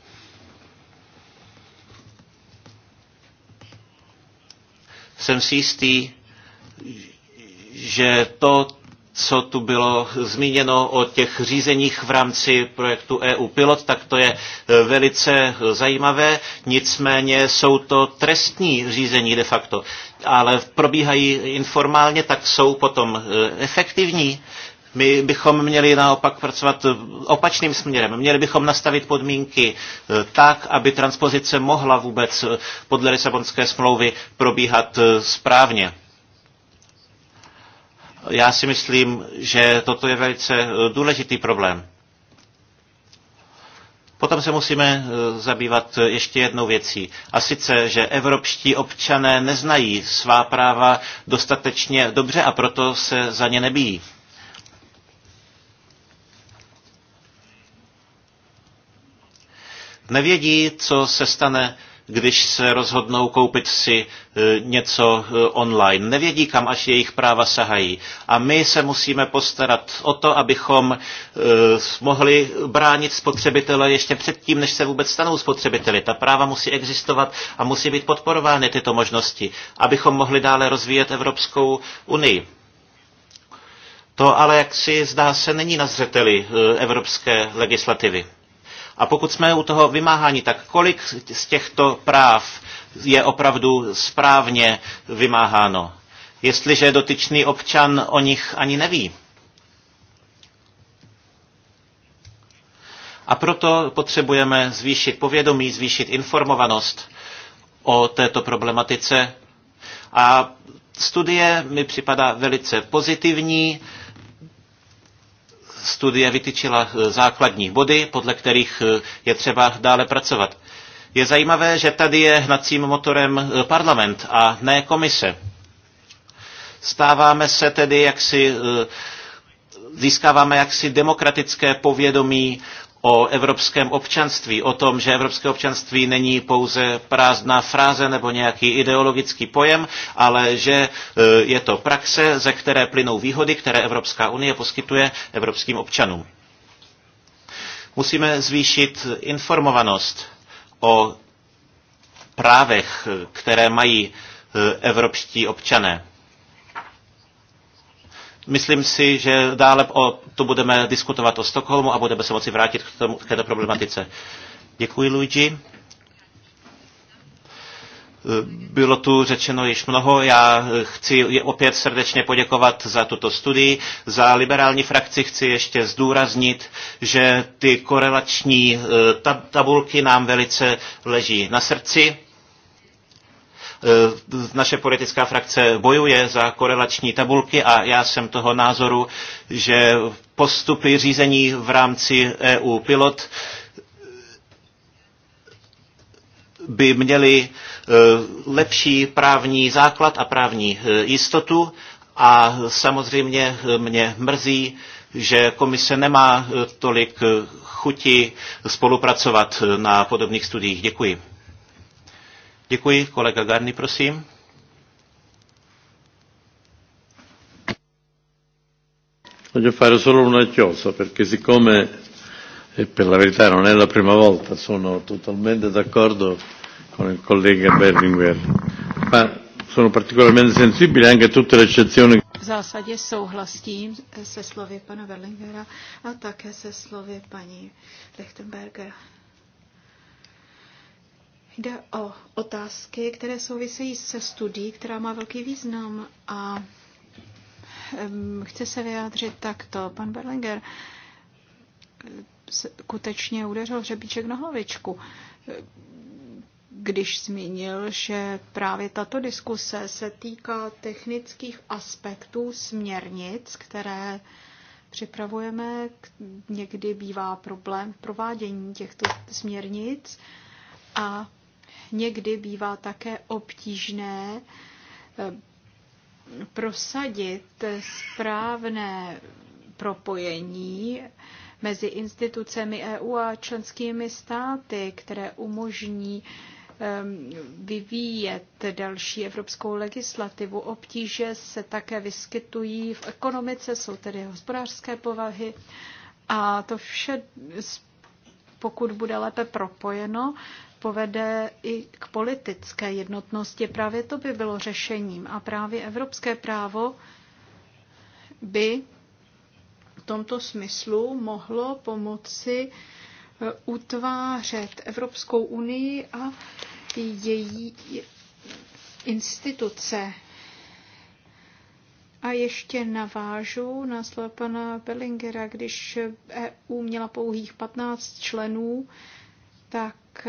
Jsem si jistý, že to, co tu bylo zmíněno o těch řízeních v rámci projektu EU Pilot, tak to je e, velice e, zajímavé, nicméně jsou to trestní řízení de facto, ale probíhají informálně, tak jsou potom e, efektivní. My bychom měli naopak pracovat opačným směrem. Měli bychom nastavit podmínky tak, aby transpozice mohla vůbec podle Lisabonské smlouvy probíhat správně. Já si myslím, že toto je velice eh, důležitý problém. Potom se musíme eh, zabývat eh, ještě jednou věcí. A sice, že evropští občané neznají svá práva dostatečně dobře a proto se za ně nebíjí. Nevědí, co se stane když se rozhodnou koupit si e, něco e, online. Nevědí, kam až jejich práva sahají. A my se musíme postarat o to, abychom e, mohli bránit spotřebitele ještě předtím, než se vůbec stanou spotřebiteli. Ta práva musí existovat a musí být podporovány tyto možnosti, abychom mohli dále rozvíjet Evropskou unii. To ale, jak si zdá se, není na zřeteli evropské legislativy. A pokud jsme u toho vymáhání, tak kolik z těchto práv je opravdu správně vymáháno, jestliže dotyčný občan o nich ani neví? A proto potřebujeme zvýšit povědomí, zvýšit informovanost o této problematice. A studie mi připadá velice pozitivní studie vytyčila eh, základní body, podle kterých eh, je třeba dále pracovat. Je zajímavé, že tady je hnacím motorem eh, parlament a ne komise. Stáváme se tedy jak si získáváme jaksi demokratické povědomí o evropském občanství, o tom, že evropské občanství není pouze prázdná fráze nebo nějaký ideologický pojem, ale že e, je to praxe, ze které plynou výhody, které Evropská unie poskytuje evropským občanům. Musíme zvýšit informovanost o právech, e, které mají e, evropští občané. Myslím si, že dále o, tu budeme diskutovat o Stockholmu a budeme se moci vrátit k, tomu, k této problematice. Děkuji, Luigi. Bylo tu řečeno již mnoho. Já chci opět srdečně poděkovat za tuto studii. Za liberální frakci chci ještě zdůraznit, že ty korelační eh, tabulky nám velice leží na srdci Eh, naše politická frakce bojuje za korelační tabulky a já jsem toho názoru, že postupy řízení v rámci EU pilot eh, by měli eh, lepší právní základ a právní jistotu a samozřejmě mě mrzí, že komise nemá tolik chuti spolupracovat na podobných studiích. Děkuji. Děkuji. Kolega Garny, prosím. Voglio fare solo una chiosa perché siccome e per la verità non è la prima volta sono totalmente d'accordo con il collega Berlinguer ma sono particolarmente sensibile anche a tutte le eccezioni V zásadě souhlasím se slovy pana Berlingera a také se slovy paní Lichtenberger. Jde o otázky, které souvisejí se studií, která má velký význam a chce chci se vyjádřit takto. Pan Berlinger eh, skutečně udeřil hřebíček na hlavičku, eh, když zmínil, že právě tato diskuse se týká technických aspektů směrnic, které připravujeme. Někdy bývá problém v provádění těchto směrnic a někdy bývá také obtížné eh, prosadit správné propojení mezi institucemi EU a členskými státy, které umožní ehm, vyvíjet další evropskou legislativu. Obtíže se také vyskytují v ekonomice, jsou tedy hospodářské povahy a to vše, pokud bude lépe propojeno, povede i k politické jednotnosti. Právě to by bylo řešením a právě evropské právo by v tomto smyslu mohlo pomoci eh, utvářet Evropskou unii a její instituce. A ještě navážu na slova pana Bellingera, když EU měla pouhých 15 členů, tak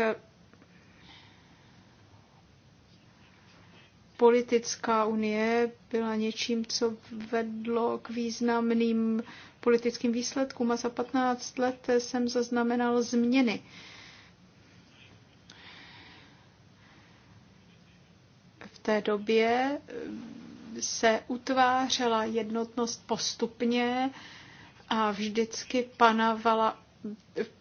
politická unie byla něčím, co vedlo k významným politickým výsledkům a za 15 let jsem zaznamenal změny. V té době se utvářela jednotnost postupně a vždycky panovala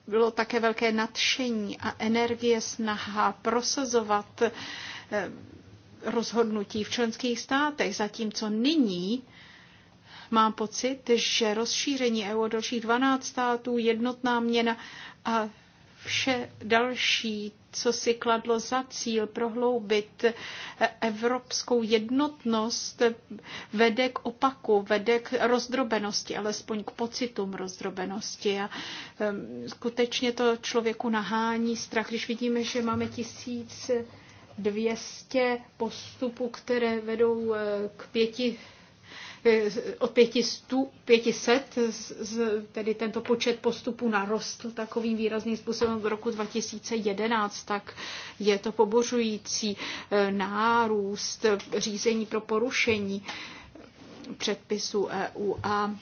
bylo také velké nadšení a energie, snaha prosazovat rozhodnutí v členských státech, zatímco nyní mám pocit, že rozšíření EU dalších 12 států, jednotná měna a vše další, co si kladlo za cíl prohloubit evropskou jednotnost, vede k opaku, vede k rozdrobenosti, alespoň k pocitům rozdrobenosti. A skutečně to člověku nahání strach, když vidíme, že máme tisíc 200 postupů, které vedou eh, k pěti eh, od 500, tedy tento počet postupů narostl takovým výrazným způsobem v roku 2011, tak je to pobožující eh, nárůst řízení pro porušení předpisů EU a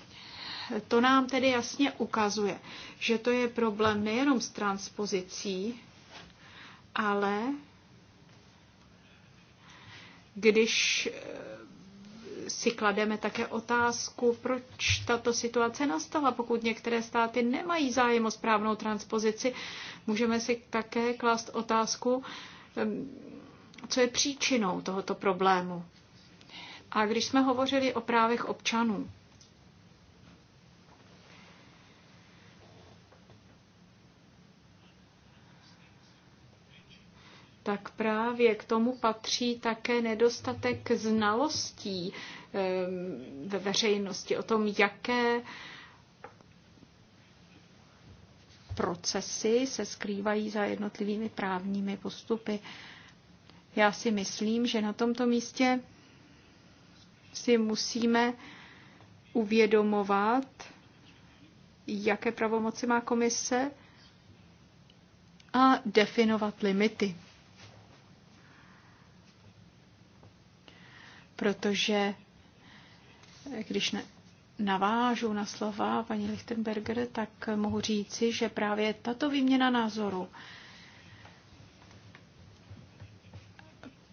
to nám tedy jasně ukazuje, že to je problém nejenom s transpozicí, ale když eh, si klademe také otázku, proč tato situace nastala. Pokud některé státy nemají zájem o správnou transpozici, můžeme si také klást otázku, ehm, co je příčinou tohoto problému. A když jsme hovořili o právech občanů, tak právě k tomu patří také nedostatek znalostí ehm, ve veřejnosti o tom, jaké procesy se skrývají za jednotlivými právními postupy. Já si myslím, že na tomto místě si musíme uvědomovat, jaké pravomoci má komise a definovat limity. protože eh, když navážu na slova paní Lichtenberger, tak mohu říci, že právě tato výměna názoru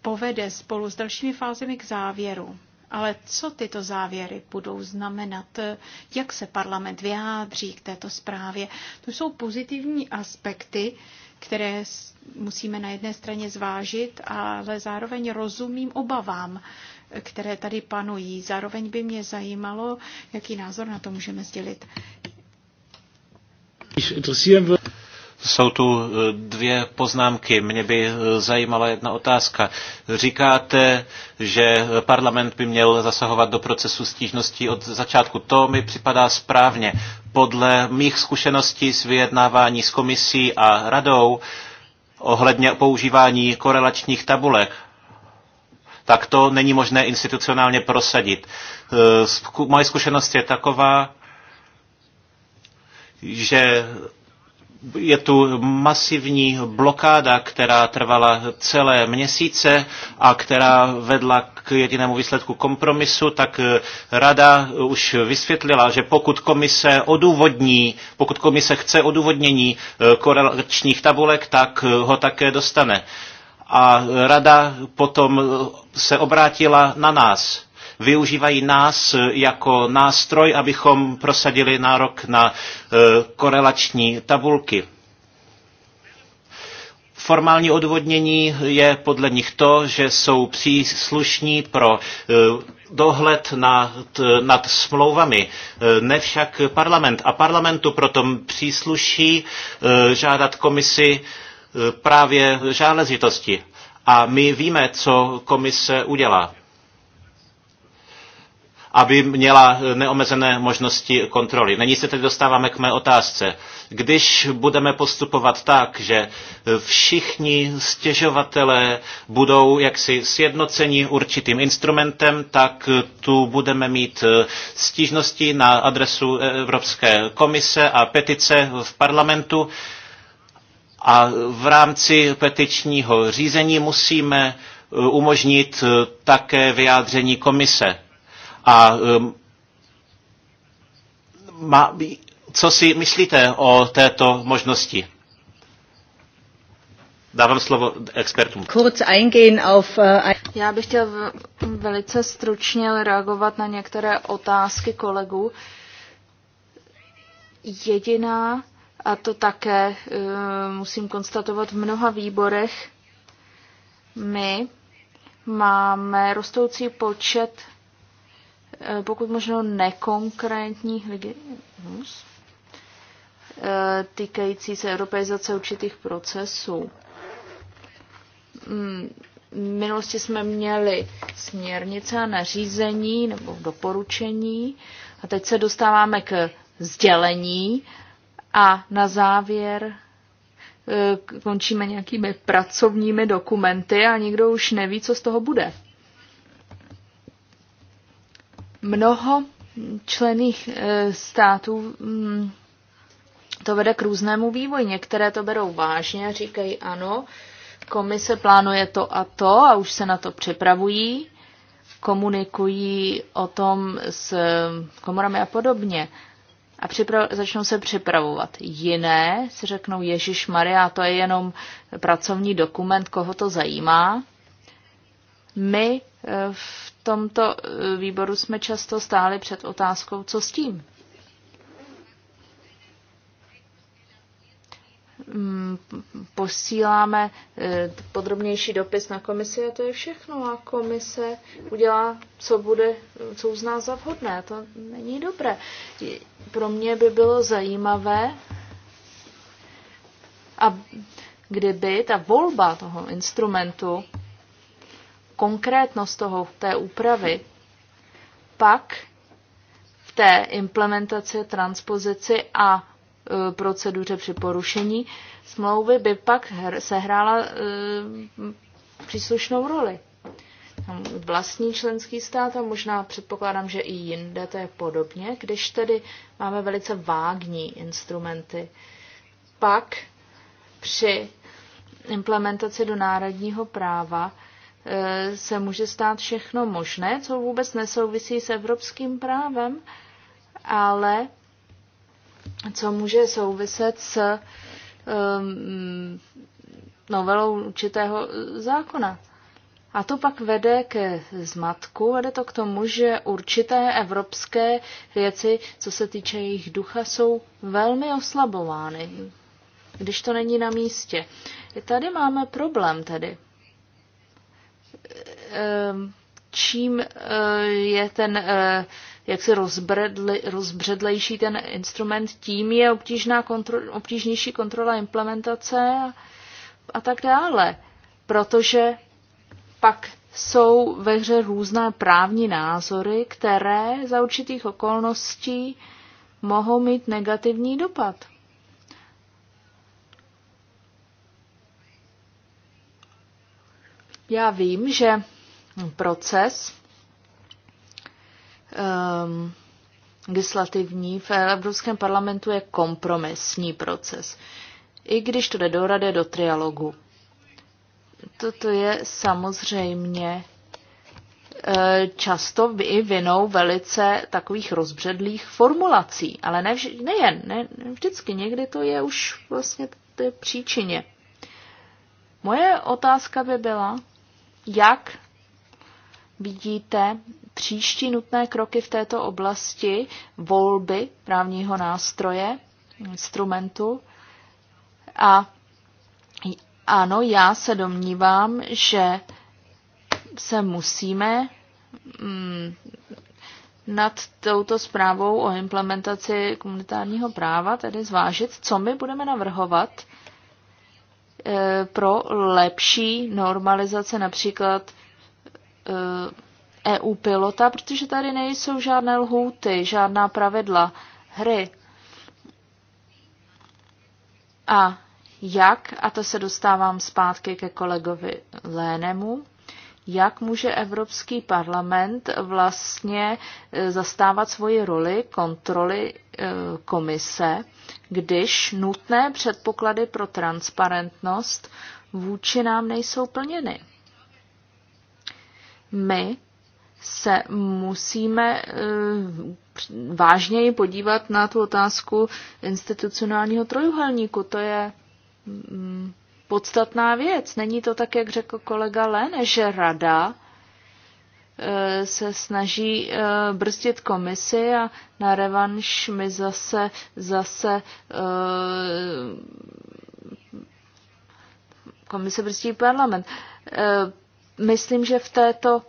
povede spolu s dalšími fázemi k závěru. Ale co tyto závěry budou znamenat, jak se parlament vyjádří k této zprávě? To jsou pozitivní aspekty, které musíme na jedné straně zvážit, ale zároveň rozumím obavám, které tady panují. Zároveň by mě zajímalo, jaký názor na to můžeme sdělit. Jsou tu e, dvě poznámky. Mě by e, zajímala jedna otázka. Říkáte, že parlament by měl zasahovat do procesu stížností od začátku. To mi připadá správně. Podle mých zkušeností s vyjednávání s komisí a radou ohledně používání korelačních tabulek tak to není možné institucionálně prosadit. Eh, moje zkušenost je taková, že je tu masivní blokáda, která trvala celé měsíce a která vedla k jedinému výsledku kompromisu, tak eh, rada už vysvětlila, že pokud komise odůvodní, pokud komise chce odůvodnění eh, korelačních tabulek, tak ho také dostane a rada potom se obrátila na nás využívají nás jako nástroj, abychom prosadili nárok na e, korelační tabulky. Formální odvodnění je podle nich to, že jsou příslušní pro e, dohled nad, nad smlouvami, e, ne však parlament. A parlamentu proto přísluší žádat komisi E, právě záležitosti A my víme, co komise udělá aby měla neomezené možnosti kontroly. Není se tedy dostáváme k mé otázce. Když budeme postupovat tak, že všichni stěžovatelé budou jaksi sjednoceni určitým instrumentem, tak tu budeme mít e, stížnosti na adresu Evropské komise a petice v parlamentu a v rámci petičního řízení musíme eh, umožnit eh, také vyjádření komise. A ehm, co si myslíte o této možnosti? Dávám slovo expertům. Eh, Já bych chtěl velice stručně reagovat na některé otázky kolegů. Jediná a to také eh, musím konstatovat v mnoha výborech, my máme rostoucí počet eh, pokud možno nekonkrétních lidí, eh, týkající se europeizace určitých procesů. Hmm, v minulosti jsme měli směrnice a nařízení nebo doporučení a teď se dostáváme k sdělení a na závěr eh, končíme nějakými pracovními dokumenty a nikdo už neví, co z toho bude. Mnoho člených eh, států mm, to vede k různému vývoji. Některé to berou vážně a říkají ano, komise plánuje to a to a už se na to připravují, komunikují o tom s eh, komorami a podobně a připra- začnou se připravovat. Jiné si řeknou, Ježíš Maria, to je jenom pracovní dokument, koho to zajímá. My eh, v tomto eh, výboru jsme často stáli před otázkou, co s tím. Mm, posíláme eh, podrobnější dopis na komisi a to je všechno. A komise udělá, co, bude, co uzná za vhodné. To není dobré. Pro mě by bylo zajímavé, a kdyby ta volba toho instrumentu, konkrétnost toho, té úpravy, pak v té implementaci, transpozici a Eh, proceduře při porušení smlouvy by pak sehrála eh, příslušnou roli. Vlastní členský stát a možná předpokládám, že i jinde to je podobně, když tedy máme velice vágní instrumenty. Pak při implementaci do národního práva eh, se může stát všechno možné, co vůbec nesouvisí s evropským právem, ale co může souviset s um, novelou určitého zákona. A to pak vede k zmatku, vede to k tomu, že určité evropské věci, co se týče jejich ducha, jsou velmi oslabovány, když to není na místě. I tady máme problém tedy. Ehm, čím eh, je ten eh, jaksi se rozbředlejší ten instrument, tím je obtížná kontro, obtížnější kontrola implementace a, a tak dále. Protože pak jsou ve hře různé právní názory, které za určitých okolností mohou mít negativní dopad. Já vím, že proces um, legislativní v Evropském parlamentu je kompromisní proces, i když to jde do rady, do trialogu. Toto je samozřejmě eh, často i vinou velice takových rozbředlých formulací, ale ne nejen, ne, ne vždycky, někdy to je už vlastně té příčině. Moje otázka by byla, jak vidíte příští nutné kroky v této oblasti volby právního nástroje, instrumentu. A ano, já se domnívám, že se musíme mm, nad touto zprávou o implementaci komunitárního práva tedy zvážit, co my budeme navrhovat eh, pro lepší normalizace například eh, EU pilota, protože tady nejsou žádné lhůty, žádná pravidla hry. A jak, a to se dostávám zpátky ke kolegovi Lénemu, jak může Evropský parlament vlastně e, zastávat svoji roli kontroly e, komise, když nutné předpoklady pro transparentnost vůči nám nejsou plněny. My se musíme eh, vážněji podívat na tu otázku institucionálního trojuhelníku. To je mm, podstatná věc. Není to tak, jak řekl kolega Len, že rada eh, se snaží eh, brzdit komisi a na revanš my zase, zase komise brzdí parlament. Myslím, že v této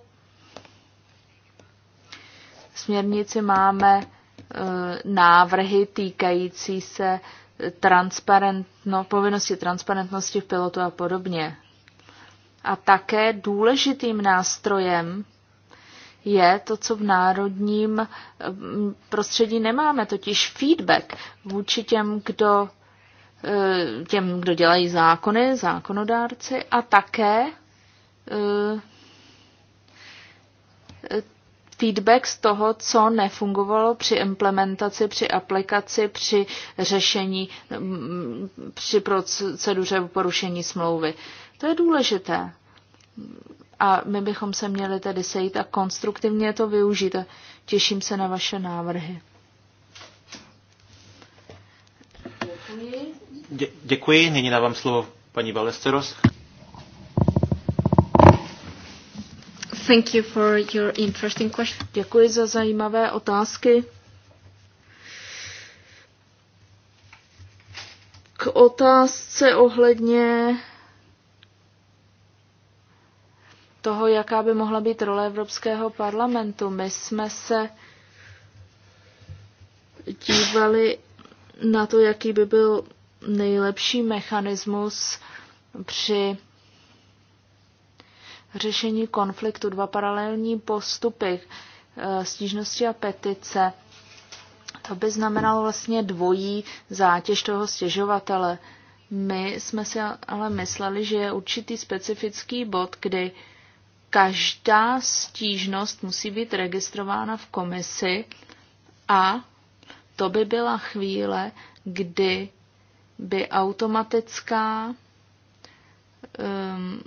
směrnici máme e, návrhy týkající se transparentno, povinnosti transparentnosti v pilotu a podobně. A také důležitým nástrojem je to, co v národním e, prostředí nemáme, totiž feedback vůči těm, kdo, e, těm, kdo dělají zákony, zákonodárci a také feedback z toho, co nefungovalo při implementaci, při aplikaci, při řešení, při proceduře porušení smlouvy. To je důležité. A my bychom se měli tedy sejít a konstruktivně to využít. těším se na vaše návrhy. Děkuji. Dě- děkuji. Nyní dávám slovo paní Balesteros. Thank you for your interesting question. Děkuji za zajímavé otázky. K otázce ohledně toho, jaká by mohla být role Evropského parlamentu. My jsme se dívali na to, jaký by byl nejlepší mechanismus při řešení konfliktu, dva paralelní postupy, eh, stížnosti a petice. To by znamenalo vlastně dvojí zátěž toho stěžovatele. My jsme si ale mysleli, že je určitý specifický bod, kdy každá stížnost musí být registrována v komisi a to by byla chvíle, kdy by automatická um,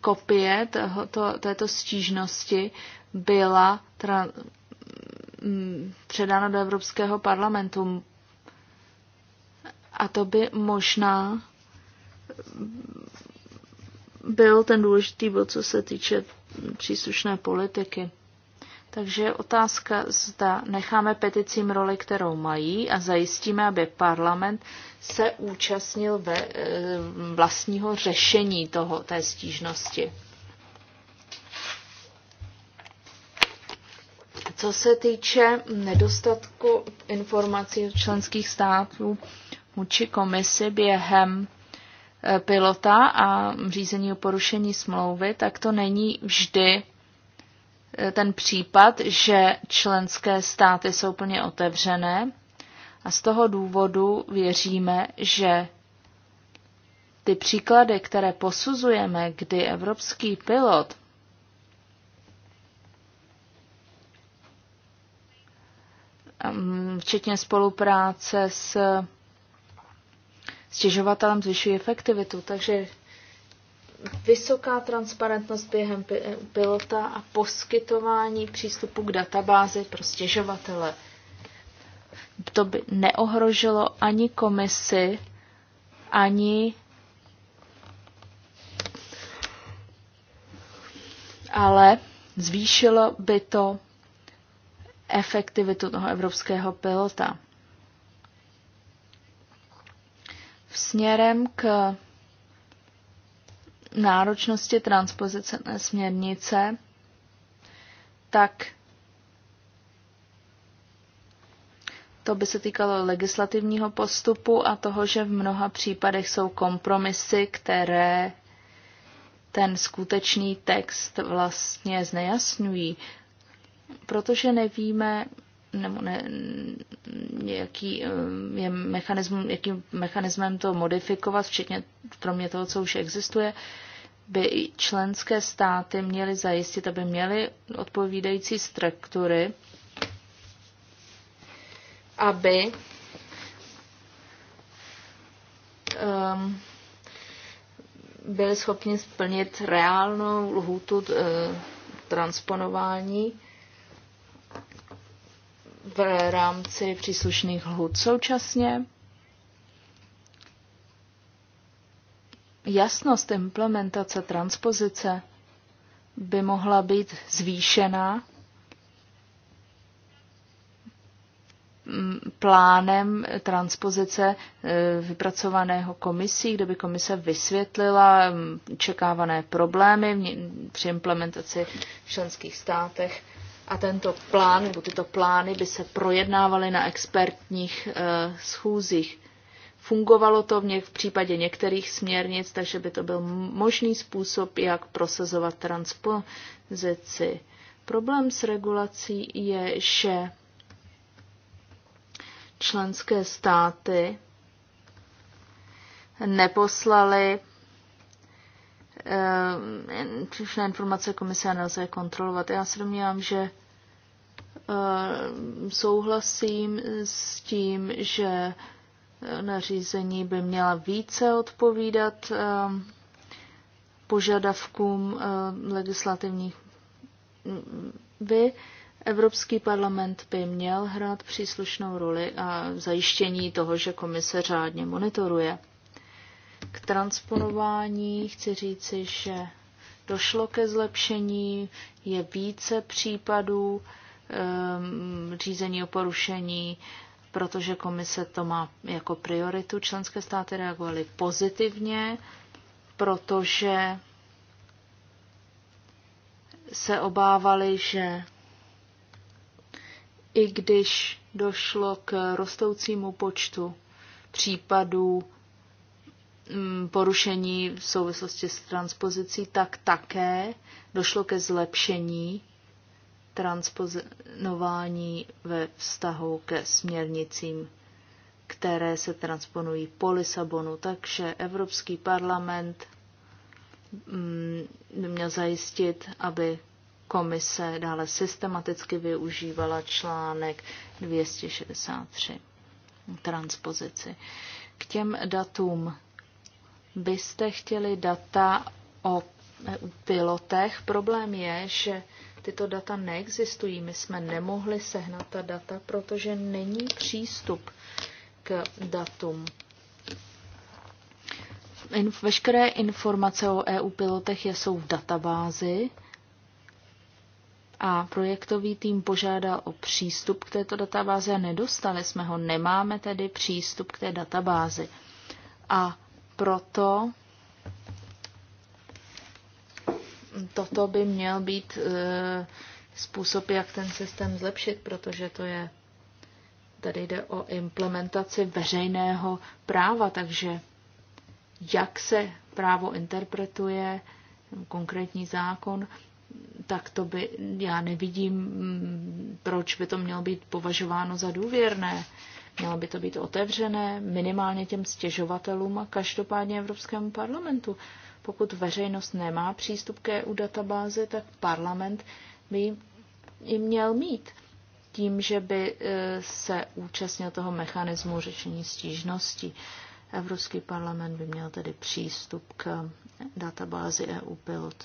kopie tohoto, této stížnosti byla tra, mm, předána do Evropského parlamentu. A to by možná byl ten důležitý bod, co se týče příslušné politiky. Takže otázka, zda necháme peticím roli, kterou mají a zajistíme, aby parlament se účastnil ve eh, vlastního řešení toho, té stížnosti. Co se týče nedostatku informací od členských států vůči komisi během eh, pilota a řízení o porušení smlouvy, tak to není vždy Eh, ten případ, že členské státy jsou plně otevřené a z toho důvodu věříme, že ty příklady, které posuzujeme, kdy evropský pilot včetně spolupráce s stěžovatelem zvyšují efektivitu. Takže vysoká transparentnost během pilota a poskytování přístupu k databázi pro stěžovatele. To by neohrožilo ani komisi, ani ale zvýšilo by to efektivitu toho evropského pilota. Směrem k náročnosti transpozice směrnice, tak to by se týkalo legislativního postupu a toho, že v mnoha případech jsou kompromisy, které ten skutečný text vlastně znejasňují, protože nevíme, nebo ne, jaký eh, je mechanism, jakým mechanismem to modifikovat, včetně kromě toho, co už existuje, by i členské státy měly zajistit, aby měly odpovídající struktury, aby um, ehm, byli schopni splnit reálnou lhůtu uh, transponování v rámci příslušných lhůt současně. Jasnost implementace transpozice by mohla být zvýšena mm, plánem transpozice e, vypracovaného komisí, kde by komise vysvětlila mm, čekávané problémy při implementaci v členských státech a tento plán nebo tyto plány by se projednávaly na expertních eh, schůzích. Fungovalo to v, něk- v případě některých směrnic, takže by to byl možný způsob, jak prosazovat transpozici. Problém s regulací je, že členské státy neposlali eh, příslušné informace komise nelze kontrolovat. Já se domnívám, že Eh, souhlasím s tím, že eh, nařízení by měla více odpovídat eh, požadavkům legislativních hm, vy. Evropský parlament by měl hrát příslušnou roli a zajištění toho, že komise řádně monitoruje. K transponování chci říci, že došlo ke zlepšení, je více případů, Um, řízení o porušení, protože komise to má jako prioritu. Členské státy reagovaly pozitivně, protože se obávali, že i když došlo k rostoucímu počtu případů mm, porušení v souvislosti s transpozicí, tak také došlo ke zlepšení transponování ve vztahu ke směrnicím, které se transponují po Lisabonu. Takže Evropský parlament by mm, měl zajistit, aby komise dále systematicky využívala článek 263 transpozici. K těm datům byste chtěli data o e, pilotech. Problém je, že tyto data neexistují. My jsme nemohli sehnat ta data, protože není přístup k datům. Veškeré informace o EU pilotech jsou v databázi a projektový tým požádal o přístup k této databázi a nedostali jsme ho. Nemáme tedy přístup k té databázi. A proto toto by měl být e, způsob, jak ten systém zlepšit, protože to je, tady jde o implementaci veřejného práva, takže jak se právo interpretuje, konkrétní zákon, tak to by, já nevidím, mm, proč by to mělo být považováno za důvěrné. Mělo by to být otevřené minimálně těm stěžovatelům a každopádně Evropskému parlamentu. Pokud veřejnost nemá přístup k EU databázi, tak parlament by ji měl mít tím, že by e, se účastnil toho mechanismu řešení stížnosti. Evropský parlament by měl tedy přístup k databázi EU Pilot.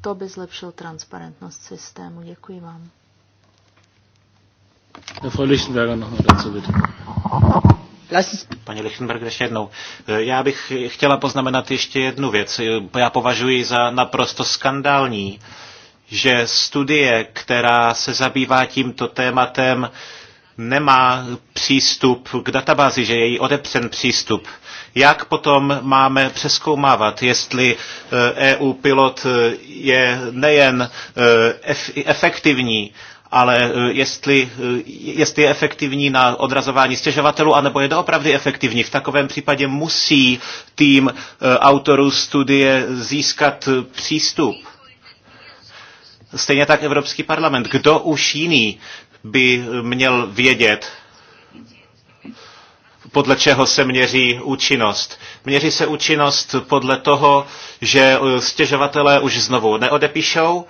To by zlepšilo transparentnost systému. Děkuji vám. Herr Frau Lichtenberger mal dazu bitte. Paní Lichtenberg, ještě jednou. E, já bych chtěla poznamenat ještě jednu věc. E, já považuji za naprosto skandální, že studie, která se zabývá tímto tématem, nemá přístup k databázi, že je jí odepřen přístup. Jak potom máme přeskoumávat, jestli EU e pilot je nejen efektivní, ale eh, jestli, eh, jestli je efektivní na odrazování stěžovatelů, anebo je doopravdy efektivní. V takovém případě musí tým eh, autorů studie získat přístup. Stejně tak Evropský parlament. Kdo už jiný by měl vědět, podle čeho se měří účinnost. Měří se účinnost podle toho, že stěžovatelé už znovu neodepíšou,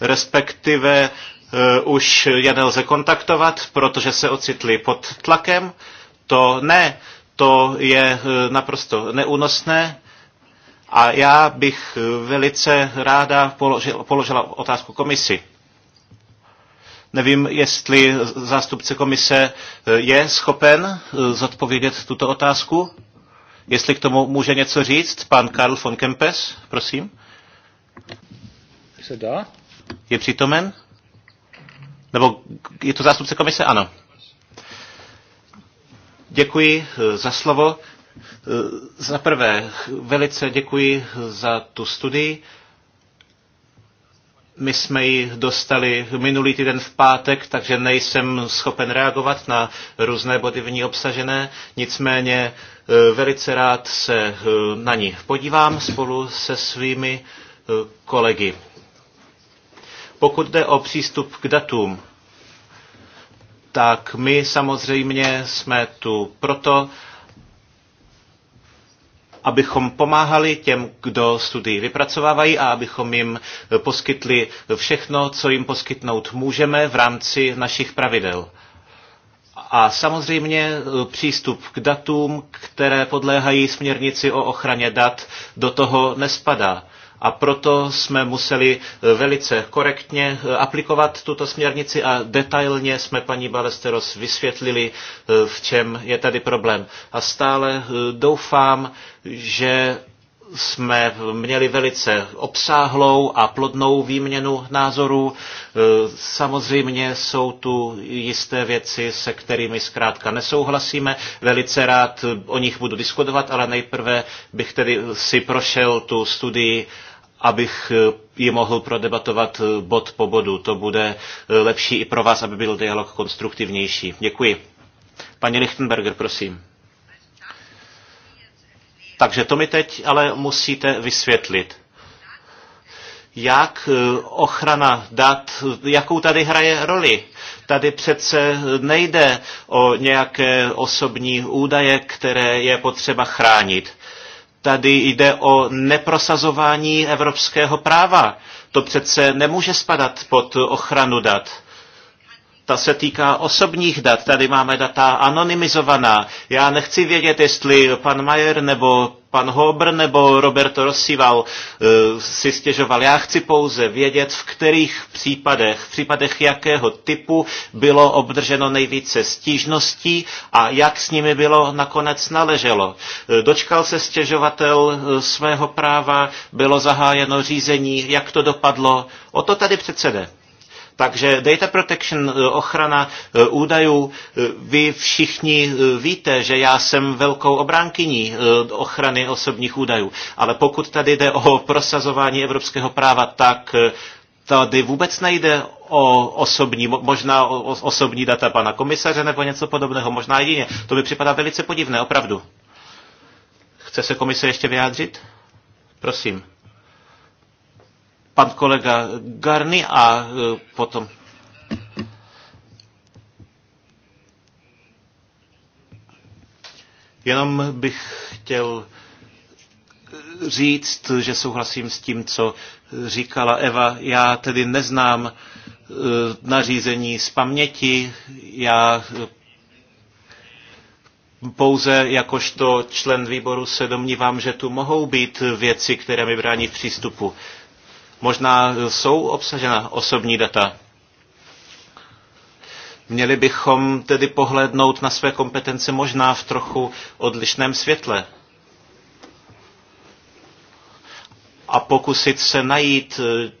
respektive Eh, už je nelze kontaktovat, protože se ocitli pod tlakem. To ne, to je eh, naprosto neúnosné. A já bych eh, velice ráda položila, položila otázku komisi. Nevím, jestli zástupce komise je schopen zodpovědět tuto otázku. Jestli k tomu může něco říct, pan Karl von Kempes, prosím. Se dá? Je přítomen? Nebo je to zástupce komise? Ano. Děkuji eh, za slovo. Eh, za prvé, velice děkuji eh, za tu studii. My jsme ji dostali minulý týden v pátek, takže nejsem schopen reagovat na různé body v ní obsažené. Nicméně velice rád se na ní podívám spolu se svými kolegy. Pokud jde o přístup k datům, tak my samozřejmě jsme tu proto, abychom pomáhali těm, kdo studii vypracovávají a abychom jim poskytli všechno, co jim poskytnout můžeme v rámci našich pravidel. A samozřejmě přístup k datům, které podléhají směrnici o ochraně dat, do toho nespadá a proto jsme museli eh, velice korektně eh, aplikovat tuto směrnici a detailně jsme paní Balesteros vysvětlili, eh, v čem je tady problém. A stále doufám, že jsme měli velice obsáhlou a plodnou výměnu názorů. Samozřejmě jsou tu jisté věci, se kterými zkrátka nesouhlasíme. Velice rád o nich budu diskutovat, ale nejprve bych tedy si prošel tu studii abych eh, ji mohl prodebatovat eh, bod po bodu. To bude eh, lepší i pro vás, aby byl dialog konstruktivnější. Děkuji. Paní Lichtenberger, prosím. Takže to mi teď ale musíte vysvětlit. Jak ochrana dat, jakou tady hraje roli? Tady přece nejde o nějaké osobní údaje, které je potřeba chránit tady jde o neprosazování evropského práva. To přece nemůže spadat pod ochranu dat ta se týká osobních dat. Tady máme data anonymizovaná. Já nechci vědět, jestli pan Mayer nebo pan Hobr nebo Roberto Rossival eh, si stěžoval. Já chci pouze vědět, v kterých případech, v případech jakého typu bylo obdrženo nejvíce stížností a jak s nimi bylo nakonec naleželo. Eh, dočkal se stěžovatel eh, svého práva, bylo zahájeno řízení, jak to dopadlo. O to tady přece jde. Takže data protection, eh, ochrana eh, údajů, eh, vy všichni víte, že já jsem velkou obránkyní ochrany osobních údajů, ale pokud tady jde o prosazování evropského práva, tak tady vůbec nejde o osobní, možná o osobní data pana komisaře nebo něco podobného, možná jedině. To mi připadá velice podivné, opravdu. Chce se komise ještě vyjádřit? Prosím pan kolega Garny a e, potom. Jenom bych chtěl říct, že souhlasím s tím, co říkala Eva. Já tedy neznám e, nařízení z paměti. Já e, pouze jakožto člen výboru se domnívám, že tu mohou být věci, které mi brání v přístupu Možná eh, jsou obsažena osobní data. Měli bychom tedy pohlédnout na své kompetence možná v trochu odlišném světle. A pokusit se najít eh,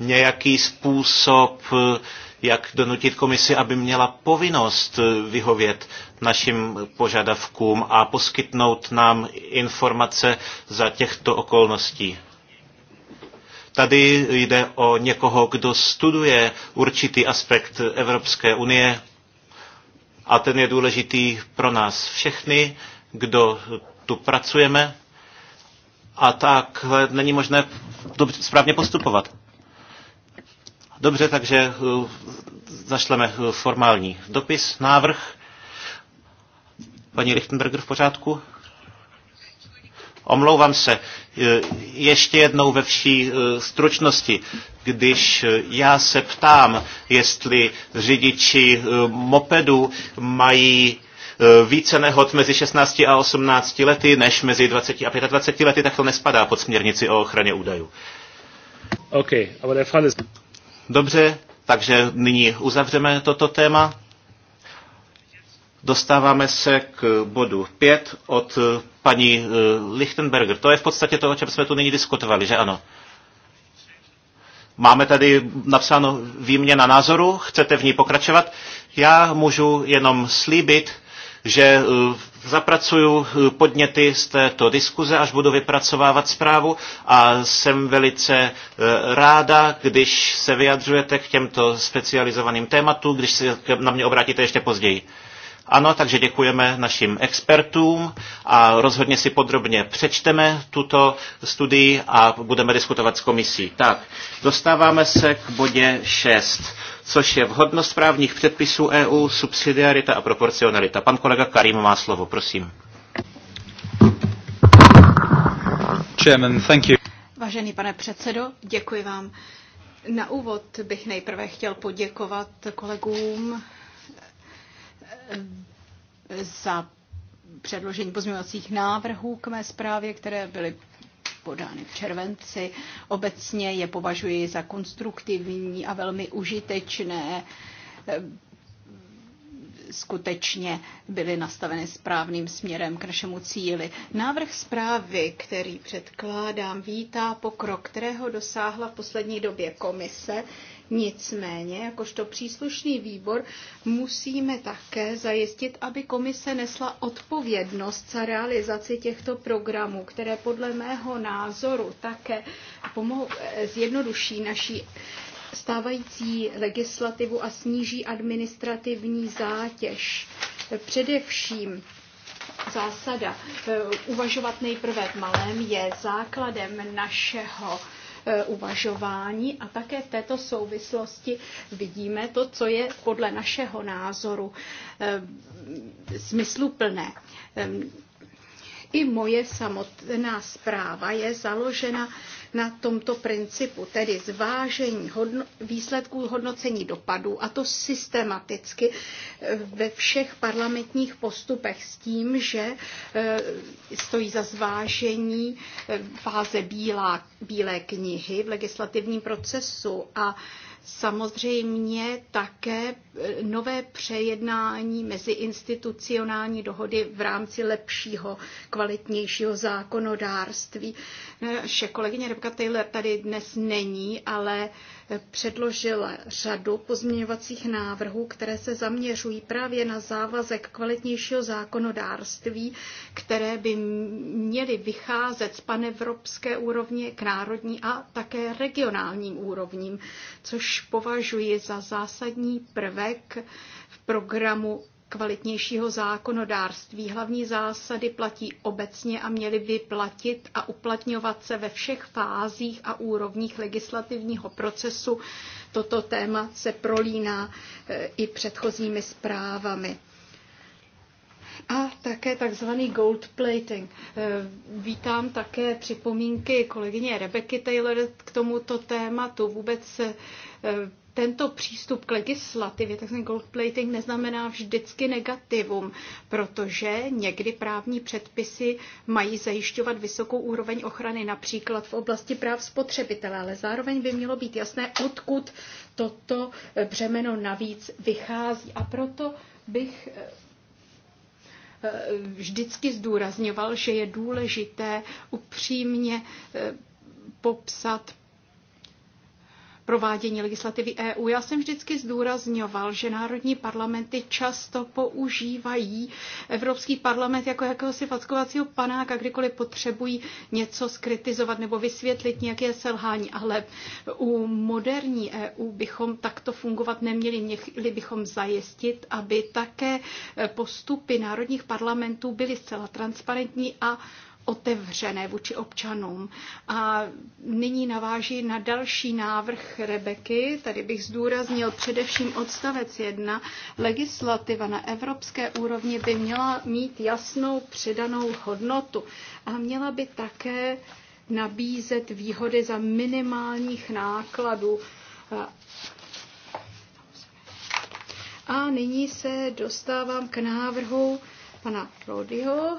nějaký způsob, eh, jak donutit komisi, aby měla povinnost vyhovět našim požadavkům a poskytnout nám informace za těchto okolností. Tady jde o někoho, kdo studuje určitý aspekt Evropské unie a ten je důležitý pro nás všechny, kdo tu pracujeme a tak není možné správně postupovat. Dobře, takže eh, zašleme eh, formální dopis, návrh. Paní Lichtenberger v pořádku? Omlouvám se, eh, ještě jednou ve vší eh, stručnosti. Když eh, já se ptám, jestli řidiči mopedu mají více nehod mezi 16 a 18 lety než mezi 20 a 25 lety, tak to nespadá pod směrnici o ochraně údajů. Okay, Dobře, takže nyní uzavřeme toto téma. Dostáváme se k bodu 5 od paní eh, Lichtenberger. To je v podstatě to, o čem jsme tu nyní diskutovali, že ano? Máme tady napsáno výměna názoru, chcete v ní pokračovat? Já můžu jenom slíbit, že eh, zapracuju eh, podněty z této diskuze, až budu vypracovávat zprávu a jsem velice ráda, když se vyjadřujete k těmto specializovaným tématům, když se na mě obrátíte ještě později. Ano, takže děkujeme našim expertům a rozhodně si podrobně přečteme tuto studii a budeme diskutovat s komisí. Tak, dostáváme se k bodě 6, což je vhodnost právních předpisů EU, subsidiarita a proporcionalita. Pan kolega Karim má slovo, prosím. Chairman, thank you. Vážený pane předsedo, děkuji vám. Na úvod bych nejprve chtěl poděkovat kolegům Eh, za předložení pozměňovacích návrhů k mé zprávě, které byly podány v červenci. Obecně je považuji za konstruktivní a velmi užitečné. Eh, skutečně byly nastaveny správným směrem k našemu cíli. Návrh zprávy, který předkládám, vítá pokrok, kterého dosáhla v poslední době komise Nicméně, jakožto příslušný výbor, musíme také zajistit, aby komise nesla odpovědnost za realizaci těchto programů, které podle mého názoru také pomohou, eh, zjednoduší naší stávající legislativu a sníží administrativní zátěž. Především zásada eh, uvažovat nejprve v malém je základem našeho E, uvažování a také v této souvislosti vidíme to, co je podle našeho názoru e, smysluplné e, i moje samotná zpráva je založena na tomto principu, tedy zvážení hodno- výsledků hodnocení dopadů, a to systematicky eh, ve všech parlamentních postupech s tím, že eh, stojí za zvážení eh, fáze bílá, bílé knihy v legislativním procesu a samozřejmě také eh, nové přejednání mezi institucionální dohody v rámci lepšího, kvalitnějšího zákonodárství. Naše kolegyně Rebka Taylor tady dnes není, ale uh, předložil řadu pozměňovacích návrhů, které se zaměřují právě na závazek kvalitnějšího zákonodárství, které by měly vycházet z panevropské úrovně k národní a také regionálním úrovním, což považuji za zásadní prvek v programu kvalitnějšího zákonodárství. Hlavní zásady platí obecně a měly by platit a uplatňovat se ve všech fázích a úrovních legislativního procesu. Toto téma se prolíná eh, i předchozími zprávami. A také takzvaný gold plating. Eh, vítám také připomínky kolegyně Rebeky Taylor k tomuto tématu. Vůbec se eh, tento přístup k legislativě, takzvaný gold plating, neznamená vždycky negativum, protože někdy právní předpisy mají zajišťovat vysokou úroveň ochrany, například v oblasti práv spotřebitele, ale zároveň by mělo být jasné, odkud toto břemeno navíc vychází. A proto bych eh, eh, vždycky zdůrazňoval, že je důležité upřímně eh, popsat provádění legislativy EU. Já jsem vždycky zdůrazňoval, že národní parlamenty často používají Evropský parlament jako jakéhosi fackovacího panáka, kdykoliv potřebují něco skritizovat nebo vysvětlit nějaké selhání. Ale u moderní EU bychom takto fungovat neměli. Měli bychom zajistit, aby také postupy národních parlamentů byly zcela transparentní a otevřené vůči občanům. A nyní naváží na další návrh Rebeky. Tady bych zdůraznil především odstavec 1. Legislativa na evropské úrovni by měla mít jasnou přidanou hodnotu a měla by také nabízet výhody za minimálních nákladů. A nyní se dostávám k návrhu pana Rodyho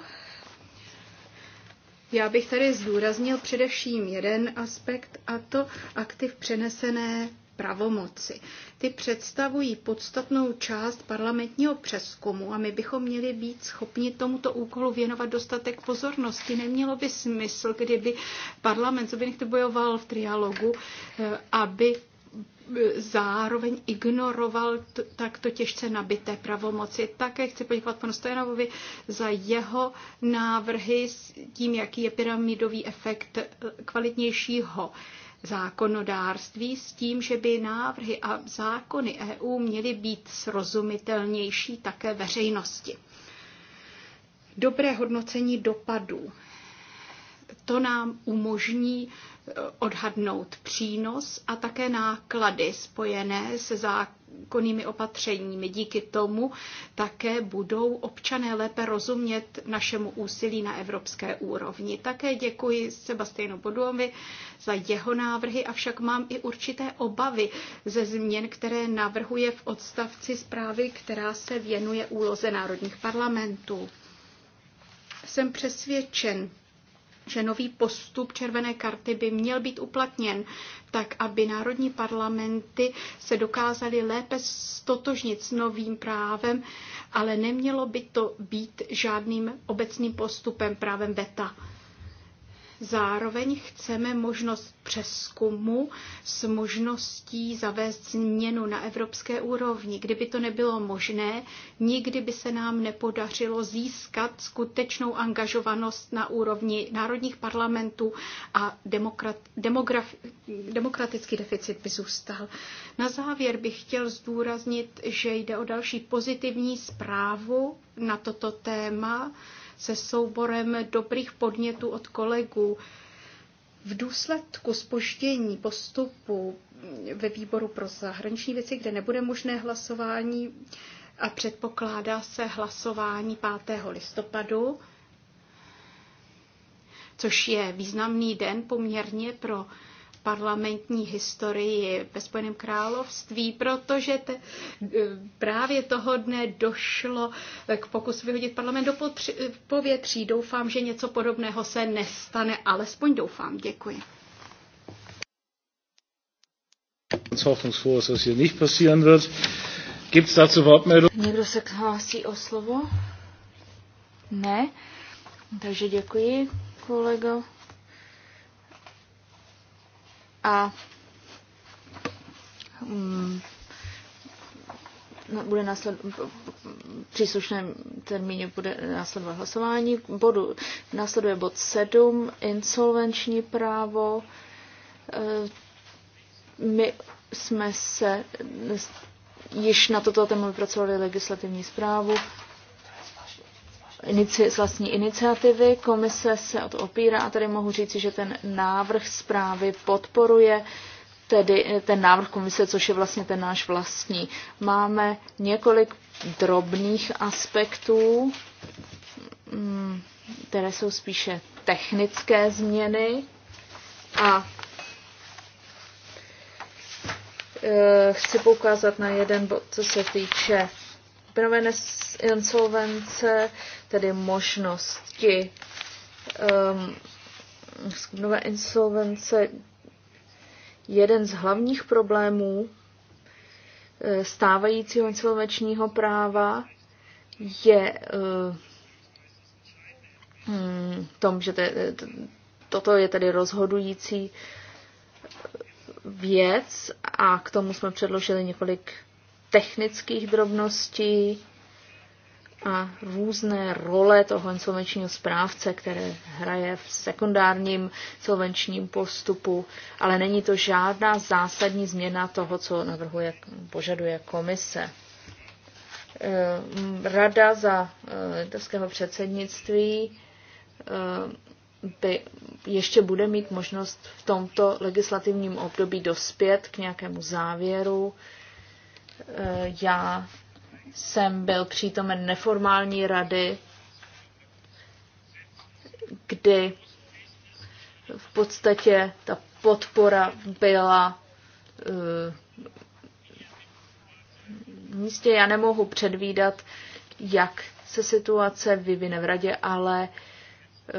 já bych tady zdůraznil především jeden aspekt, a to aktiv přenesené pravomoci. Ty představují podstatnou část parlamentního přeskumu a my bychom měli být schopni tomuto úkolu věnovat dostatek pozornosti. Nemělo by smysl, kdyby parlament, co by bojoval v trialogu, eh, aby zároveň ignoroval t- takto těžce nabité pravomoci. Také chci poděkovat panu Stojanovovi za jeho návrhy s tím, jaký je pyramidový efekt e, kvalitnějšího zákonodárství s tím, že by návrhy a zákony EU měly být srozumitelnější také veřejnosti. Dobré hodnocení dopadů to nám umožní eh, odhadnout přínos a také náklady spojené se zákonnými opatřeními. Díky tomu také budou občané lépe rozumět našemu úsilí na evropské úrovni. Také děkuji Sebastianu Boduovi za jeho návrhy, avšak mám i určité obavy ze změn, které navrhuje v odstavci zprávy, která se věnuje úloze národních parlamentů. Jsem přesvědčen, že nový postup červené karty by měl být uplatněn, tak aby národní parlamenty se dokázaly lépe stotožnit s novým právem, ale nemělo by to být žádným obecným postupem právem VETA. Zároveň chceme možnost přeskumu s možností zavést změnu na evropské úrovni. Kdyby to nebylo možné, nikdy by se nám nepodařilo získat skutečnou angažovanost na úrovni národních parlamentů a demokrat, demograf, demokratický deficit by zůstal. Na závěr bych chtěl zdůraznit, že jde o další pozitivní zprávu na toto téma se souborem dobrých podnětů od kolegů. V důsledku spoždění postupu ve výboru pro zahraniční věci, kde nebude možné hlasování a předpokládá se hlasování 5. listopadu, což je významný den poměrně pro parlamentní historii ve Spojeném království, protože te, e, právě toho dne došlo k pokusu vyhodit parlament do potři, povětří. Doufám, že něco podobného se nestane, alespoň doufám. Děkuji. Někdo se hlásí o slovo? Ne. Takže děkuji, kolego a um, bude nasled, příslušném termíně bude následovat hlasování. Bodu, následuje bod 7, insolvenční právo. E, my jsme se již na toto téma vypracovali legislativní zprávu z vlastní iniciativy. Komise se o to opírá a tady mohu říci, že ten návrh zprávy podporuje tedy eh, ten návrh komise, což je vlastně ten náš vlastní. Máme několik drobných aspektů, mm, které jsou spíše technické změny a eh, chci poukázat na jeden bod, co se týče skupinové insolvence, tedy možnosti um, skupinové insolvence, jeden z hlavních problémů eh, stávajícího insolvenčního práva je um, tom, že toto je tedy rozhodující eh, věc a k tomu jsme předložili několik technických drobností a různé role toho insolvenčního správce, které hraje v sekundárním insolvenčním postupu, ale není to žádná zásadní změna toho, co navrhuje, požaduje komise. Ehm, rada za litevského eh, předsednictví eh, by ještě bude mít možnost v tomto legislativním období dospět k nějakému závěru, Eh, já jsem byl přítomen neformální rady, kdy v podstatě ta podpora byla místě. Eh, já nemohu předvídat, jak se situace vyvine v radě, ale eh,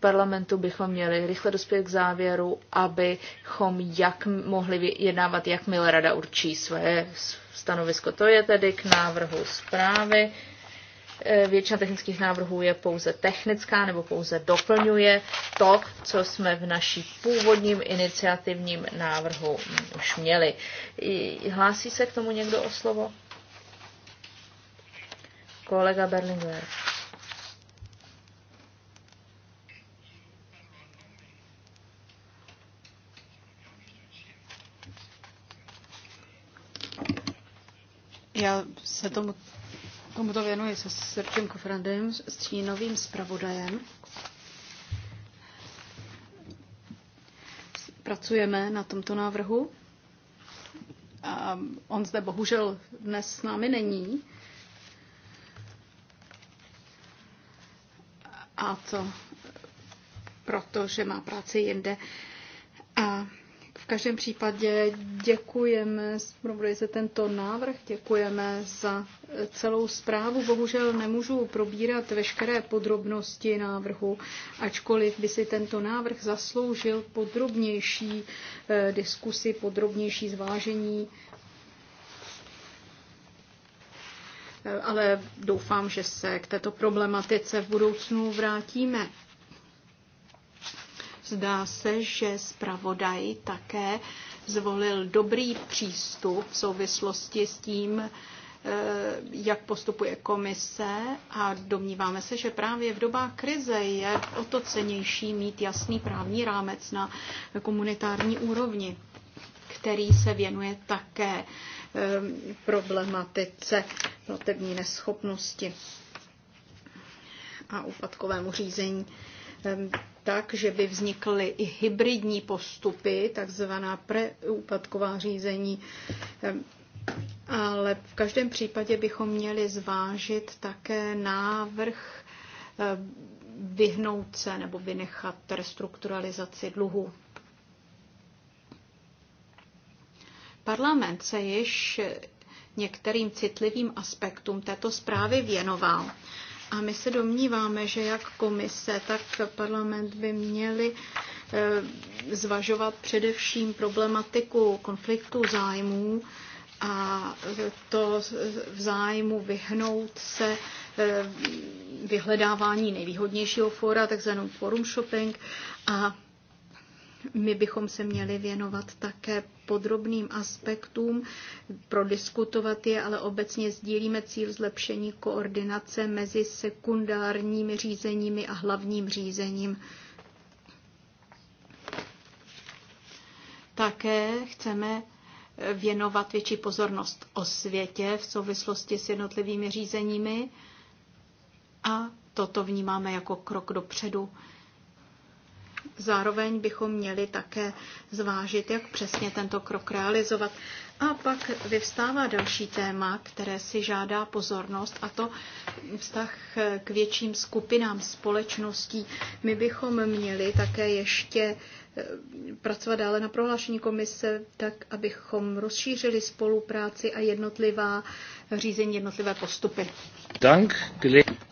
parlamentu bychom měli rychle dospět k závěru, abychom jak mohli jednávat, jakmile rada určí své, své stanovisko. To je tedy k návrhu zprávy. E, většina technických návrhů je pouze technická nebo pouze doplňuje to, co jsme v naší původním iniciativním návrhu už měli. Hlásí se k tomu někdo o slovo? Kolega Berlinguer. Já se tomu, tomu to věnuji se Srdčem Kofrandem, s Čínovým zpravodajem. Pracujeme na tomto návrhu. A on zde bohužel dnes s námi není. A to proto, že má práci jinde. A každém případě děkujeme za tento návrh, děkujeme za e, celou zprávu. Bohužel nemůžu probírat veškeré podrobnosti návrhu, ačkoliv by si tento návrh zasloužil podrobnější e, diskusi, podrobnější zvážení. E, ale doufám, že se k této problematice v budoucnu vrátíme. Zdá se, že zpravodaj také zvolil dobrý přístup v souvislosti s tím, eh, jak postupuje komise a domníváme se, že právě v dobách krize je o to cenější mít jasný právní rámec na komunitární úrovni, který se věnuje také eh, problematice platební neschopnosti a úpadkovému řízení tak, že by vznikly i hybridní postupy, takzvaná preúpadková řízení. Ehm, ale v každém případě bychom měli zvážit také návrh ehm, vyhnout se nebo vynechat restrukturalizaci dluhu. Parlament se již některým citlivým aspektům této zprávy věnoval a my se domníváme, že jak komise, tak parlament by měli eh, zvažovat především problematiku konfliktu zájmů a to v zájmu vyhnout se eh, vyhledávání nejvýhodnějšího fóra, takzvanou forum shopping a my bychom se měli věnovat také podrobným aspektům, prodiskutovat je, ale obecně sdílíme cíl zlepšení koordinace mezi sekundárními řízeními a hlavním řízením. Také chceme věnovat větší pozornost o světě v souvislosti s jednotlivými řízeními a toto vnímáme jako krok dopředu. předu Zároveň bychom měli také zvážit, jak přesně tento krok realizovat. A pak vyvstává další téma, které si žádá pozornost, a to vztah k větším skupinám společností. My bychom měli také ještě eh, pracovat dále na prohlášení komise, tak abychom rozšířili spolupráci a jednotlivá řízení, jednotlivé postupy. Dank.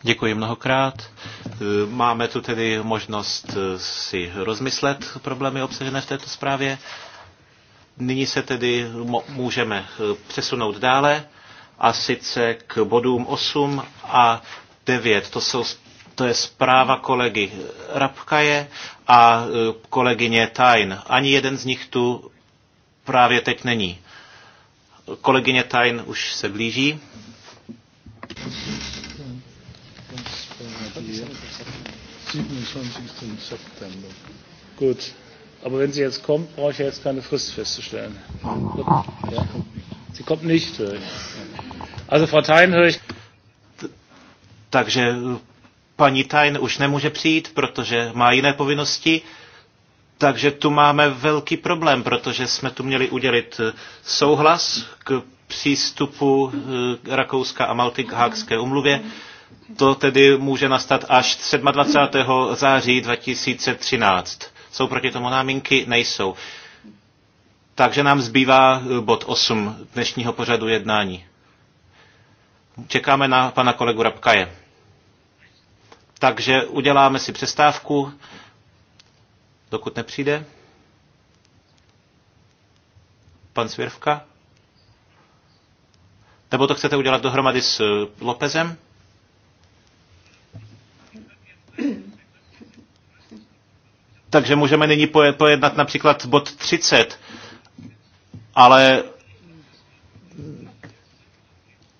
Děkuji mnohokrát. Eh, máme tu tedy možnost eh, si rozmyslet problémy obsažené v této zprávě Nyní se tedy můžeme eh, přesunout dále a sice k bodům 8 a 9. To, jsou, to je zpráva kolegy eh, Rabkaje a eh, kolegyně Tajn. Ani jeden z nich tu právě teď není. Kolegyně Tajn už se blíží. Good. Aber wenn sie jetzt kommt, brauche ich jetzt keine Frist festzustellen. Ja. Sie kommt nicht, Also Frau Tein, höre ich. Takže paní Tajn už nemůže přijít, protože má jiné povinnosti. Takže tu máme velký problém, protože jsme tu měli udělit souhlas k přístupu eh, Rakouska a Malty k Hákské umluvě. To tedy může nastat až 27. září 2013 jsou proti tomu náminky? Nejsou. Takže nám zbývá eh, bod 8 dnešního pořadu jednání. Čekáme na pana kolegu Rabkaje. Takže uděláme si přestávku, dokud nepřijde. Pan Svěrvka? Nebo to chcete udělat dohromady s eh, Lopezem? takže můžeme nyní pojednat například bod 30, ale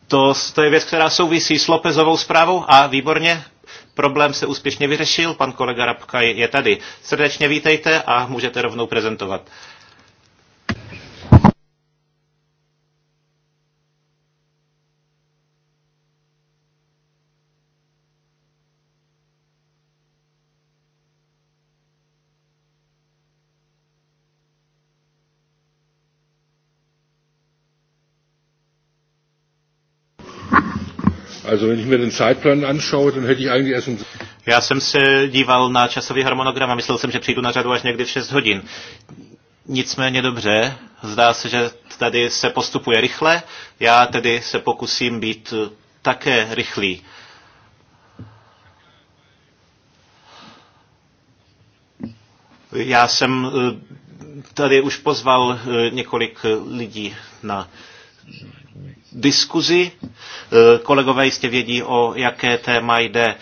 to, to je věc, která souvisí s Lopezovou zprávou a výborně, problém se úspěšně vyřešil, pan kolega Rabka je tady. Srdečně vítejte a můžete rovnou prezentovat. Also wenn ich mir den Zeitplan anschaue, dann hätte ich eigentlich erst um... Já jsem se díval na časový harmonogram a myslel jsem, že přijdu na řadu až někdy v 6 hodin. Nicméně dobře, zdá se, že tady se postupuje rychle, já tedy se pokusím být také rychlý. Já jsem eh, tady už pozval eh, několik eh, lidí na diskuzi. E, kolegové jistě vědí, o jaké téma jde. E,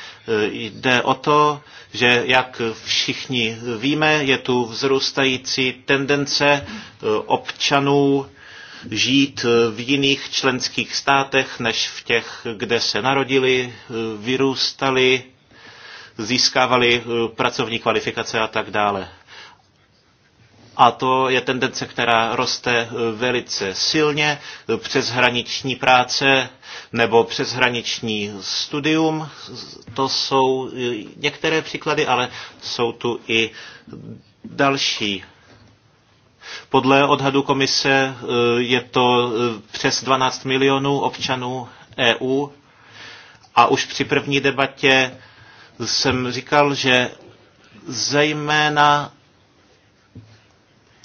jde o to, že jak všichni víme, je tu vzrůstající tendence e, občanů žít v jiných členských státech, než v těch, kde se narodili, vyrůstali, získávali pracovní kvalifikace a tak dále. A to je tendence, která roste eh, velice silně eh, přes hraniční práce nebo hraniční studium. To jsou eh, některé příklady, ale jsou tu i další podle odhadu komise je to přes 12 milionů občanů EU a už při první debatě jsem říkal, že zejména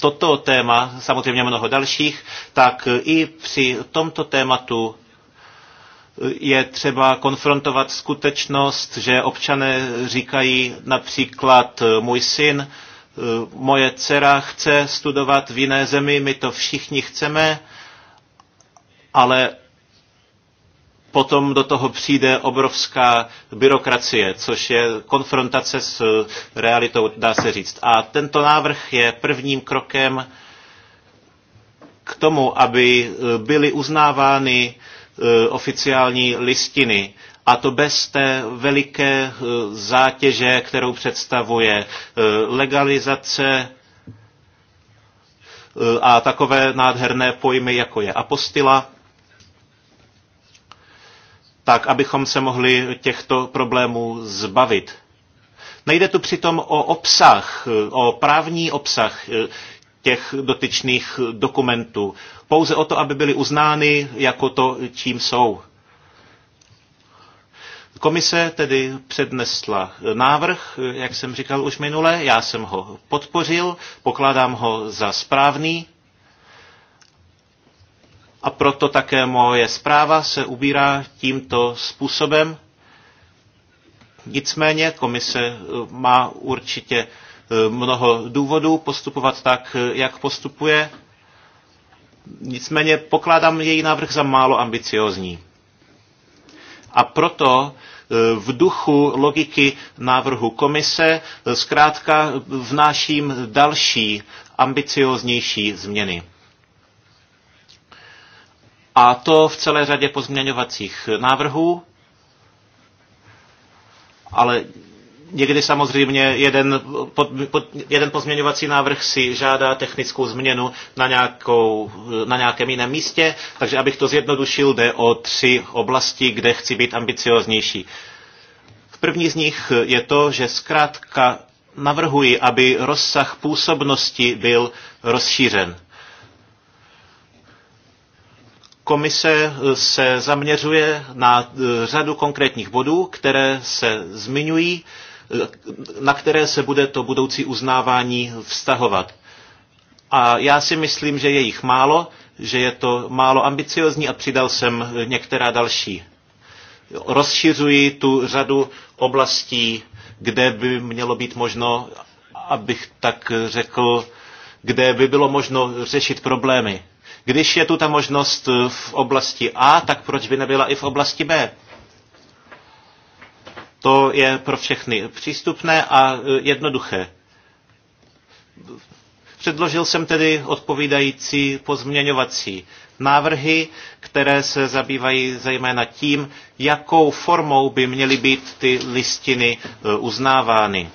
toto téma, samozřejmě mnoho dalších, tak i při tomto tématu eh, je třeba konfrontovat skutečnost, že občané říkají například eh, můj syn, eh, moje dcera chce studovat v jiné zemi, my to všichni chceme, ale potom do toho přijde obrovská byrokracie, což je konfrontace s eh, realitou, dá se říct. A tento návrh je prvním krokem k tomu, aby eh, byly uznávány eh, oficiální listiny, a to bez té veliké zátěže, kterou představuje legalizace a takové nádherné pojmy, jako je apostila, tak abychom se mohli těchto problémů zbavit. Nejde tu přitom o obsah, o právní obsah eh, těch dotyčných dokumentů. Pouze o to, aby byly uznány jako to, čím jsou. Komise tedy přednesla návrh, eh, jak jsem říkal už minule, já jsem ho podpořil, pokládám ho za správný a proto také moje zpráva se ubírá tímto způsobem. Nicméně komise eh, má určitě eh, mnoho důvodů postupovat tak, eh, jak postupuje. Nicméně pokládám její návrh za málo ambiciozní. A proto v duchu logiky návrhu komise zkrátka vnáším další ambicioznější změny. A to v celé řadě pozměňovacích návrhů, ale někdy samozřejmě jeden, pod, pod, jeden pozměňovací návrh si žádá technickou změnu na, nějakou, na nějakém jiném místě, takže abych to zjednodušil, jde o tři oblasti, kde chci být ambicioznější. V první z nich je to, že zkrátka navrhuji, aby rozsah působnosti byl rozšířen. Komise eh, se zaměřuje na eh, řadu konkrétních bodů, které se zmiňují, eh, na které se bude to budoucí uznávání vztahovat. A já si myslím, že je jich málo, že je to málo ambiciozní a přidal jsem některá další. Rozšiřuji tu řadu oblastí, kde by mělo být možno, abych tak řekl, kde by bylo možno řešit problémy. Když je tu ta možnost eh, v oblasti A, tak proč by nebyla i v oblasti B? To je pro všechny přístupné a eh, jednoduché. Předložil jsem tedy odpovídající pozměňovací návrhy, které se zabývají zejména tím, jakou formou by měly být ty listiny eh, uznávány.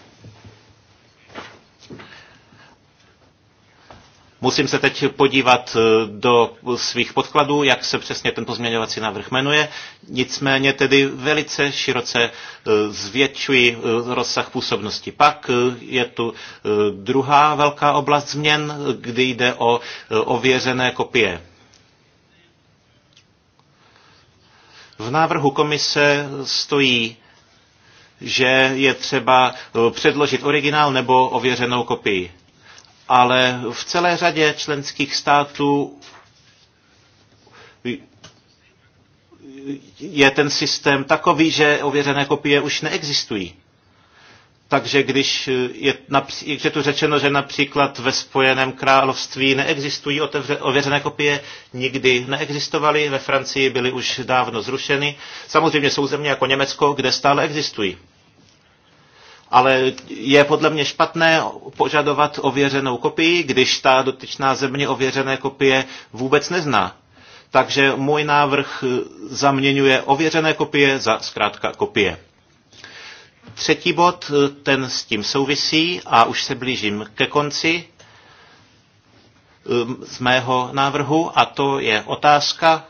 Musím se teď podívat eh, do svých podkladů, jak se přesně ten pozměňovací návrh jmenuje. Nicméně tedy velice široce eh, zvětšují eh, rozsah působnosti. Pak je tu druhá velká oblast změn, kdy jde o ověřené kopie. V návrhu komise stojí že je třeba předložit originál nebo ověřenou kopii ale v celé řadě členských států je ten systém takový, že ověřené kopie už neexistují. Takže když je, když je tu řečeno, že například ve Spojeném království neexistují otevře, ověřené kopie, nikdy neexistovaly, ve Francii byly už dávno zrušeny. Samozřejmě jsou země jako Německo, kde stále existují ale je podle mě špatné požadovat ověřenou kopii, když ta dotyčná země ověřené kopie vůbec nezná. Takže můj návrh zaměňuje ověřené kopie za zkrátka kopie. Třetí bod, ten s tím souvisí a už se blížím ke konci ehm, z mého návrhu a to je otázka,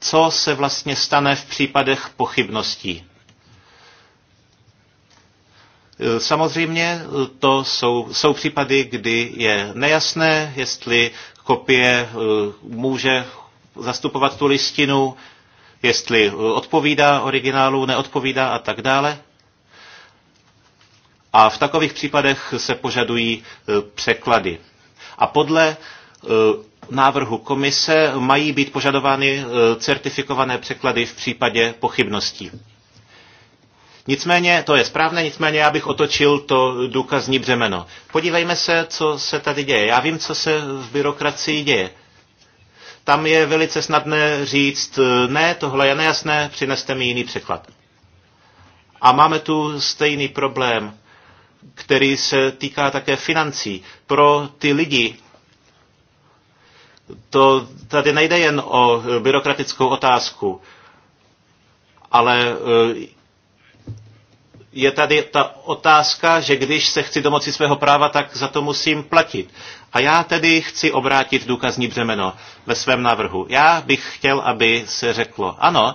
co se vlastně stane v případech pochybností. Eh, samozřejmě eh, to jsou, jsou případy, kdy je nejasné, jestli kopie eh, může zastupovat tu listinu, jestli odpovídá originálu, neodpovídá a tak dále. A v takových případech se požadují překlady. A podle návrhu komise mají být požadovány certifikované překlady v případě pochybností. Nicméně, to je správné, nicméně já bych otočil to důkazní břemeno. Podívejme se, co se tady děje. Já vím, co se v byrokracii děje. Tam je velice snadné říct, eh, ne, tohle je nejasné, přineste mi jiný překlad. A máme tu stejný problém, který se týká také financí. Pro ty lidi, to tady nejde jen o byrokratickou otázku, ale eh, je tady ta otázka, že když se chci domoci svého práva, tak za to musím platit. A já tedy chci obrátit důkazní břemeno ve svém návrhu. Já bych chtěl, aby se řeklo, ano,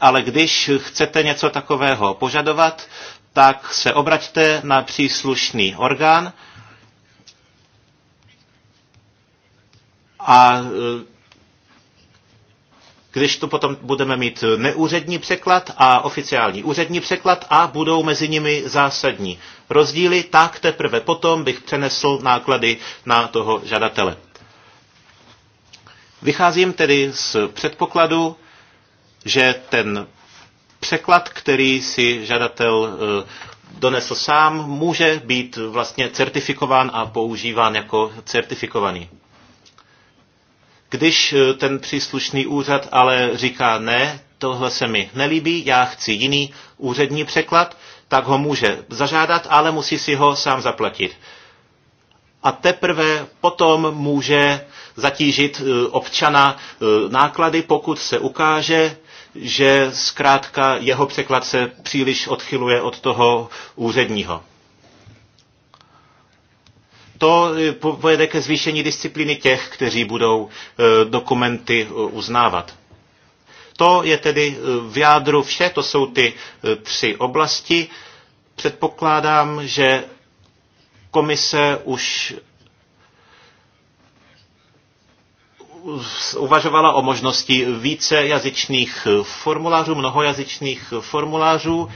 ale když chcete něco takového požadovat, tak se obraťte na příslušný orgán a když tu potom budeme mít neúřední překlad a oficiální úřední překlad a budou mezi nimi zásadní rozdíly, tak teprve potom bych přenesl náklady na toho žadatele. Vycházím tedy z předpokladu, že ten překlad, který si žadatel eh, donesl sám, může být vlastně certifikován a používán jako certifikovaný. Když eh, ten příslušný úřad ale říká ne, tohle se mi nelíbí, já chci jiný úřední překlad, tak ho může zažádat, ale musí si ho sám zaplatit. A teprve potom může zatížit eh, občana eh, náklady, pokud se ukáže, že zkrátka jeho překlad se příliš odchyluje od toho úředního to eh, povede ke zvýšení disciplíny těch, kteří budou eh, dokumenty eh, uznávat. To je tedy v jádru vše, to jsou ty tři oblasti. Předpokládám, že komise už uvažovala o možnosti více jazyčných formulářů, mnohojazyčných formulářů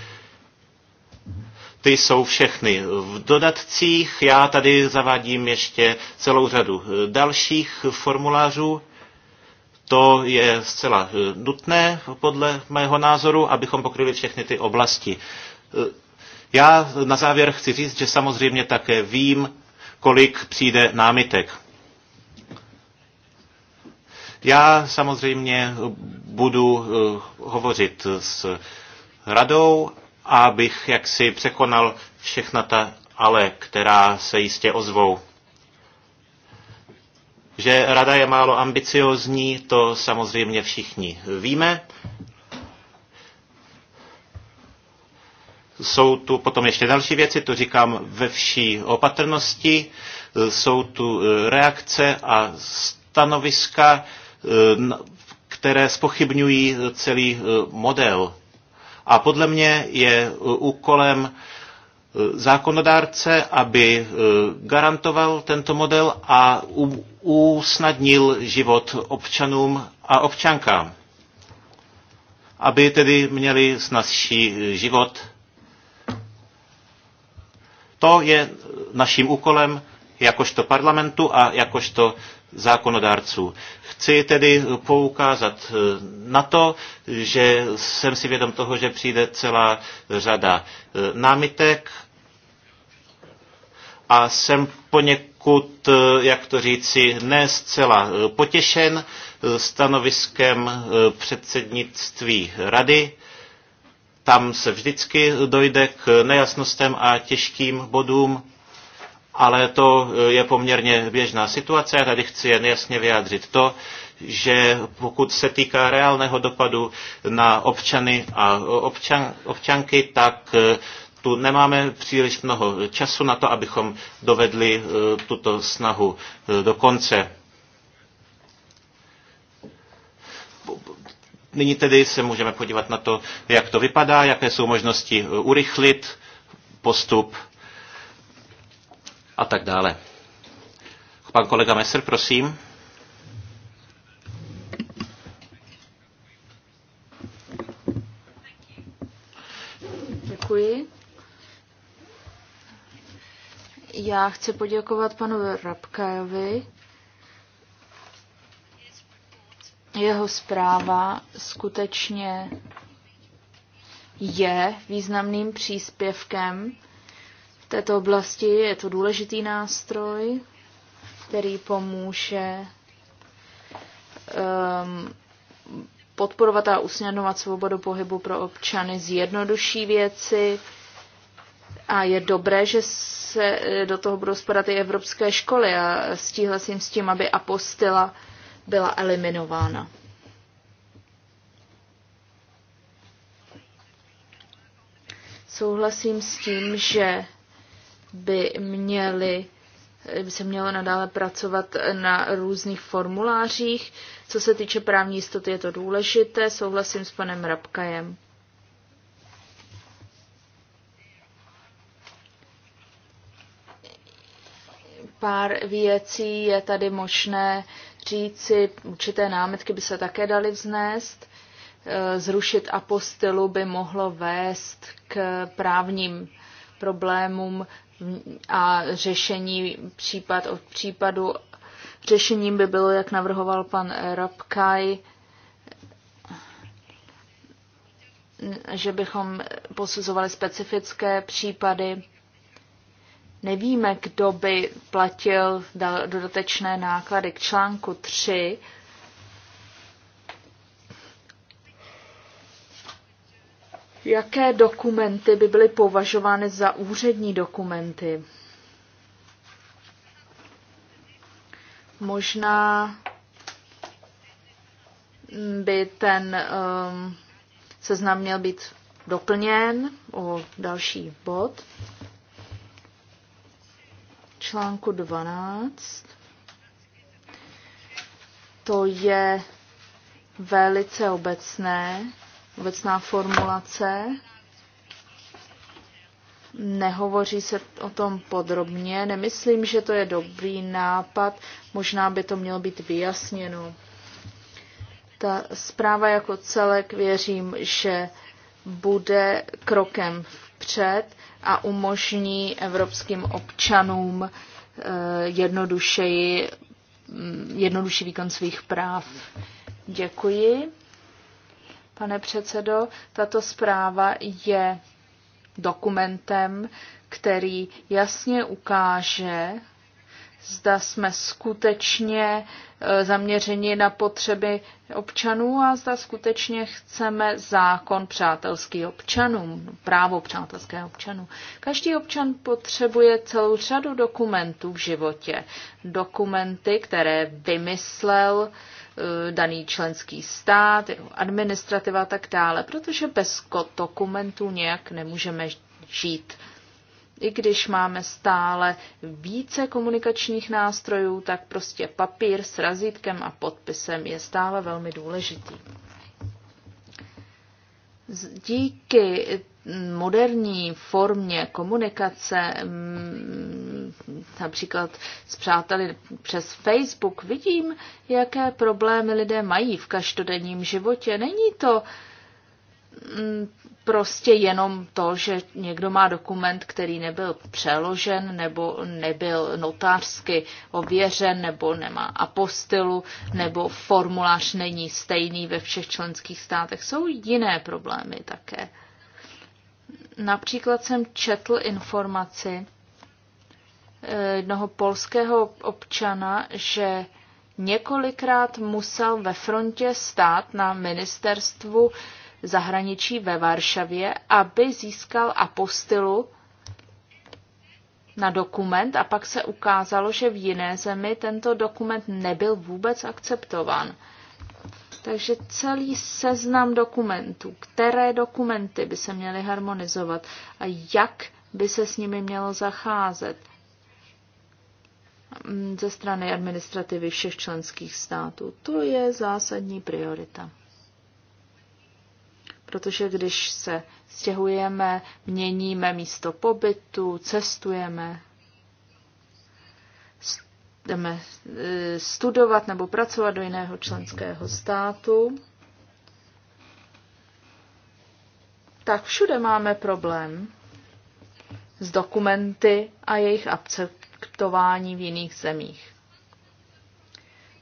ty jsou všechny v dodatcích. Já tady zavádím ještě celou řadu eh, dalších formulářů. To je zcela eh, nutné podle mého názoru, abychom pokryli všechny ty oblasti. Eh, já na závěr chci říct, že samozřejmě také vím, kolik přijde námitek. Já samozřejmě budu hovořit s radou abych jaksi překonal všechna ta ale, která se jistě ozvou. Že rada je málo ambiciozní, to samozřejmě všichni víme. Jsou tu potom ještě další věci, to říkám ve vší opatrnosti. Jsou tu e, reakce a stanoviska, e, které spochybňují celý e, model. A podle mě je e, úkolem e, zákonodárce, aby e, garantoval tento model a usnadnil život občanům a občankám. Aby tedy měli snazší život. To je naším úkolem jakožto parlamentu a jakožto zákonodárců. Chci tedy poukázat eh, na to, že jsem si vědom toho, že přijde celá řada eh, námitek a jsem poněkud, eh, jak to říci, ne zcela potěšen stanoviskem předsednictví rady. Tam se vždycky dojde k nejasnostem a těžkým bodům ale to eh, je poměrně běžná situace. Já tady chci jen jasně vyjádřit to, že pokud se týká reálného dopadu na občany a občan, občanky, tak eh, tu nemáme příliš mnoho času na to, abychom dovedli eh, tuto snahu do konce. Nyní tedy se můžeme podívat na to, jak to vypadá, jaké jsou možnosti urychlit postup a tak dále. Pan kolega Messer, prosím. Děkuji. Já chci poděkovat panu Rabkajovi. Jeho zpráva skutečně je významným příspěvkem této oblasti. Je to důležitý nástroj, který pomůže um, podporovat a usnadňovat svobodu pohybu pro občany, z jednodušší věci. A je dobré, že se eh, do toho budou spadat i evropské školy a stíhla jsem s tím, aby apostila byla eliminována. Souhlasím s tím, že by měly by se mělo nadále pracovat na různých formulářích. Co se týče právní jistoty, je to důležité, souhlasím s panem Rabkajem. Pár věcí je tady možné říci, určité námitky by se také daly vznést. E, zrušit apostilu by mohlo vést k právním problémům a řešení případ od případu. Řešením by bylo, jak navrhoval pan Rabkaj, že bychom posuzovali specifické případy. Nevíme, kdo by platil dodatečné náklady. K článku 3 Jaké dokumenty by byly považovány za úřední dokumenty? Možná by ten um, seznam měl být doplněn o další bod. Článku 12. To je velice obecné obecná formulace. Nehovoří se o tom podrobně, nemyslím, že to je dobrý nápad, možná by to mělo být vyjasněno. Ta zpráva jako celek věřím, že bude krokem vpřed a umožní evropským občanům eh, jednodušeji, mm, jednodušší výkon svých práv. Děkuji pane předsedo. Tato zpráva je dokumentem, který jasně ukáže, zda jsme skutečně e, zaměřeni na potřeby občanů a zda skutečně chceme zákon přátelský občanům, právo přátelské občanů. Každý občan potřebuje celou řadu dokumentů v životě. Dokumenty, které vymyslel E, daný členský stát, jeho administrativa a tak dále, protože bez dokumentů nějak nemůžeme žít. I když máme stále více komunikačních nástrojů, tak prostě papír s razítkem a podpisem je stále velmi důležitý. Díky moderní formě komunikace například s přáteli přes Facebook, vidím, jaké problémy lidé mají v každodenním životě. Není to mm, prostě jenom to, že někdo má dokument, který nebyl přeložen nebo nebyl notářsky ověřen nebo nemá apostilu nebo formulář není stejný ve všech členských státech. Jsou jiné problémy také. Například jsem četl informaci, jednoho polského občana, že několikrát musel ve frontě stát na ministerstvu zahraničí ve Varšavě, aby získal apostilu na dokument a pak se ukázalo, že v jiné zemi tento dokument nebyl vůbec akceptován. Takže celý seznam dokumentů, které dokumenty by se měly harmonizovat a jak by se s nimi mělo zacházet – Mm, ze strany administrativy všech členských států. To je zásadní priorita. Protože když se stěhujeme, měníme místo pobytu, cestujeme, jdeme e, studovat nebo pracovat do jiného členského státu, tak všude máme problém s dokumenty a jejich aktování v jiných zemích.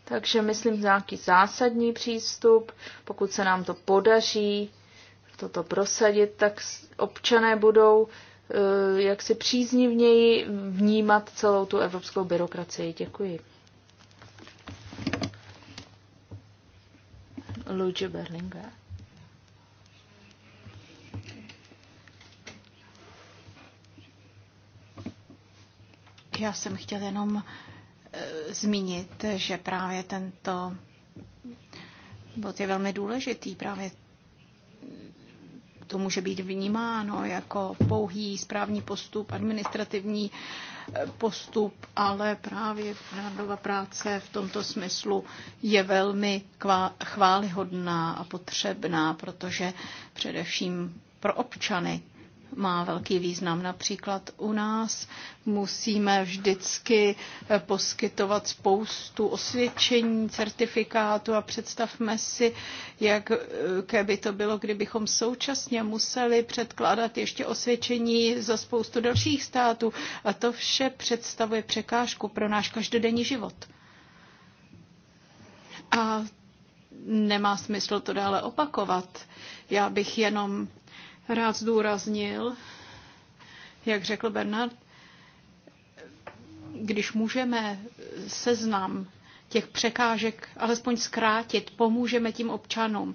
Takže myslím že nějaký zásadní přístup, pokud se nám to podaří toto prosadit, tak občané budou eh, jak si příznivněji vnímat celou tu evropskou byrokracii. Děkuji. Luigi Berlinger. Já jsem chtěl jenom e, zmínit, že právě tento bod je velmi důležitý. Právě to může být vnímáno jako pouhý správní postup, administrativní eh, postup, ale právě Randova práce v tomto smyslu je velmi chválihodná a potřebná, protože především pro občany má velký význam. Například u nás musíme vždycky eh, poskytovat spoustu osvědčení, certifikátu a představme si, jak eh, by to bylo, kdybychom současně museli předkládat ještě osvědčení za spoustu dalších států. A to vše představuje překážku pro náš každodenní život. A nemá smysl to dále opakovat. Já bych jenom rád zdůraznil, jak řekl Bernard, když můžeme seznam těch překážek alespoň zkrátit, pomůžeme tím občanům.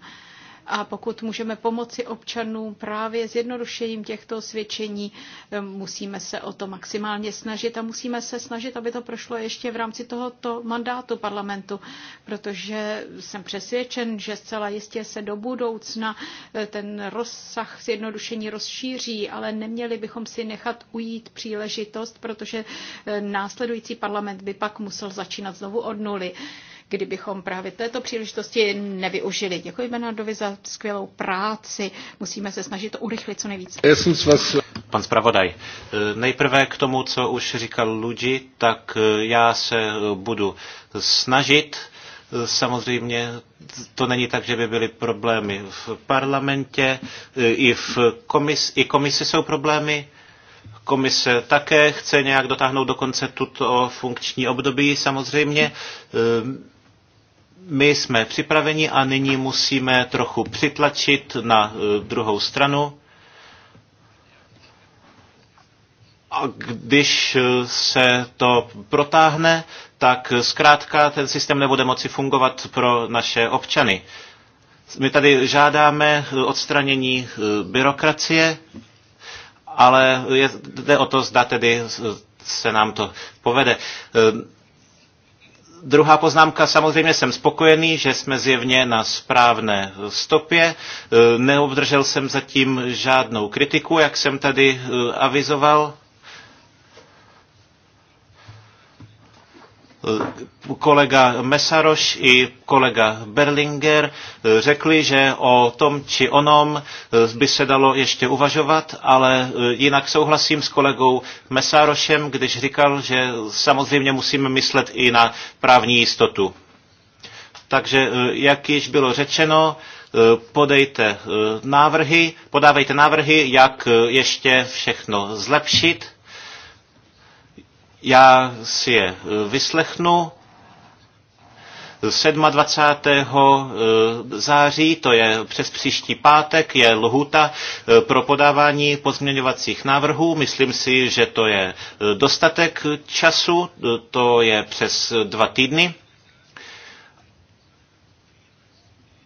A pokud můžeme pomoci občanům právě zjednodušením těchto osvědčení, eh, musíme se o to maximálně snažit a musíme se snažit, aby to prošlo ještě v rámci tohoto mandátu parlamentu, protože jsem přesvědčen, že zcela jistě se do budoucna eh, ten rozsah zjednodušení rozšíří, ale neměli bychom si nechat ujít příležitost, protože eh, následující parlament by pak musel začínat znovu od nuly kdybychom právě této příležitosti nevyužili. Děkuji Bernardovi za skvělou práci. Musíme se snažit to urychlit co nejvíce. Pan zpravodaj, nejprve k tomu, co už říkal Luigi, tak já se budu snažit Samozřejmě to není tak, že by byly problémy v parlamentě, i v komis, i komisi jsou problémy. Komise také chce nějak dotáhnout do konce tuto funkční období samozřejmě. My jsme připraveni a nyní musíme trochu přitlačit na eh, druhou stranu. A když eh, se to protáhne, tak eh, zkrátka ten systém nebude moci fungovat pro naše občany. My tady žádáme odstranění byrokracie, ale je, jde o to, zda tedy se nám to povede. Druhá poznámka, samozřejmě jsem spokojený, že jsme zjevně na správné stopě. E, neobdržel jsem zatím žádnou kritiku, jak jsem tady e, avizoval. Eh, kolega Mesaroš i kolega Berlinger eh, řekli, že o tom či onom eh, by se dalo ještě uvažovat, ale jinak souhlasím s kolegou Mesarošem, když říkal, že samozřejmě musíme myslet i na právní jistotu. Takže, jak již bylo řečeno, podejte návrhy, podávejte návrhy, jak ještě všechno zlepšit já si je eh, vyslechnu 27. Eh, září, to je přes příští pátek, je lhuta eh, pro podávání pozměňovacích návrhů. Myslím si, že to je dostatek času, to je přes dva týdny.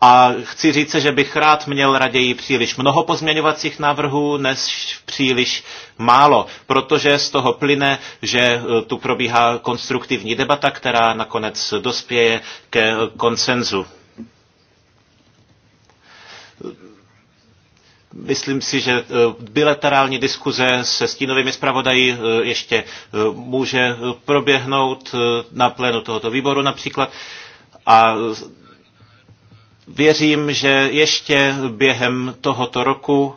A chci říct, že bych rád měl raději příliš mnoho pozměňovacích návrhů, než příliš málo, protože z toho plyne, že eh, tu probíhá konstruktivní debata, která nakonec dospěje ke eh, koncenzu. Myslím si, že eh, bilaterální diskuze se stínovými zpravodají ještě může proběhnout na plénu tohoto výboru například. A Věřím, že ještě během tohoto roku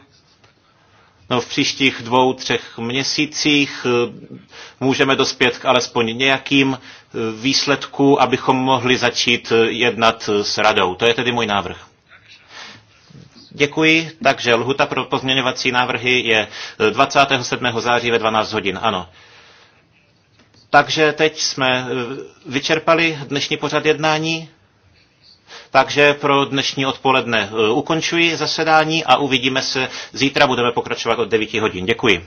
no v příštích dvou, třech měsících eh, můžeme dospět k alespoň nějakým eh, výsledku, abychom mohli začít eh, jednat s radou. To je tedy můj návrh. Děkuji. Takže lhuta pro pozměňovací návrhy je 27. září ve 12 hodin. Ano. Takže teď jsme vyčerpali dnešní pořad jednání. Takže pro dnešní odpoledne e, ukončuji zasedání a uvidíme se zítra. Budeme pokračovat od 9 hodin. Děkuji.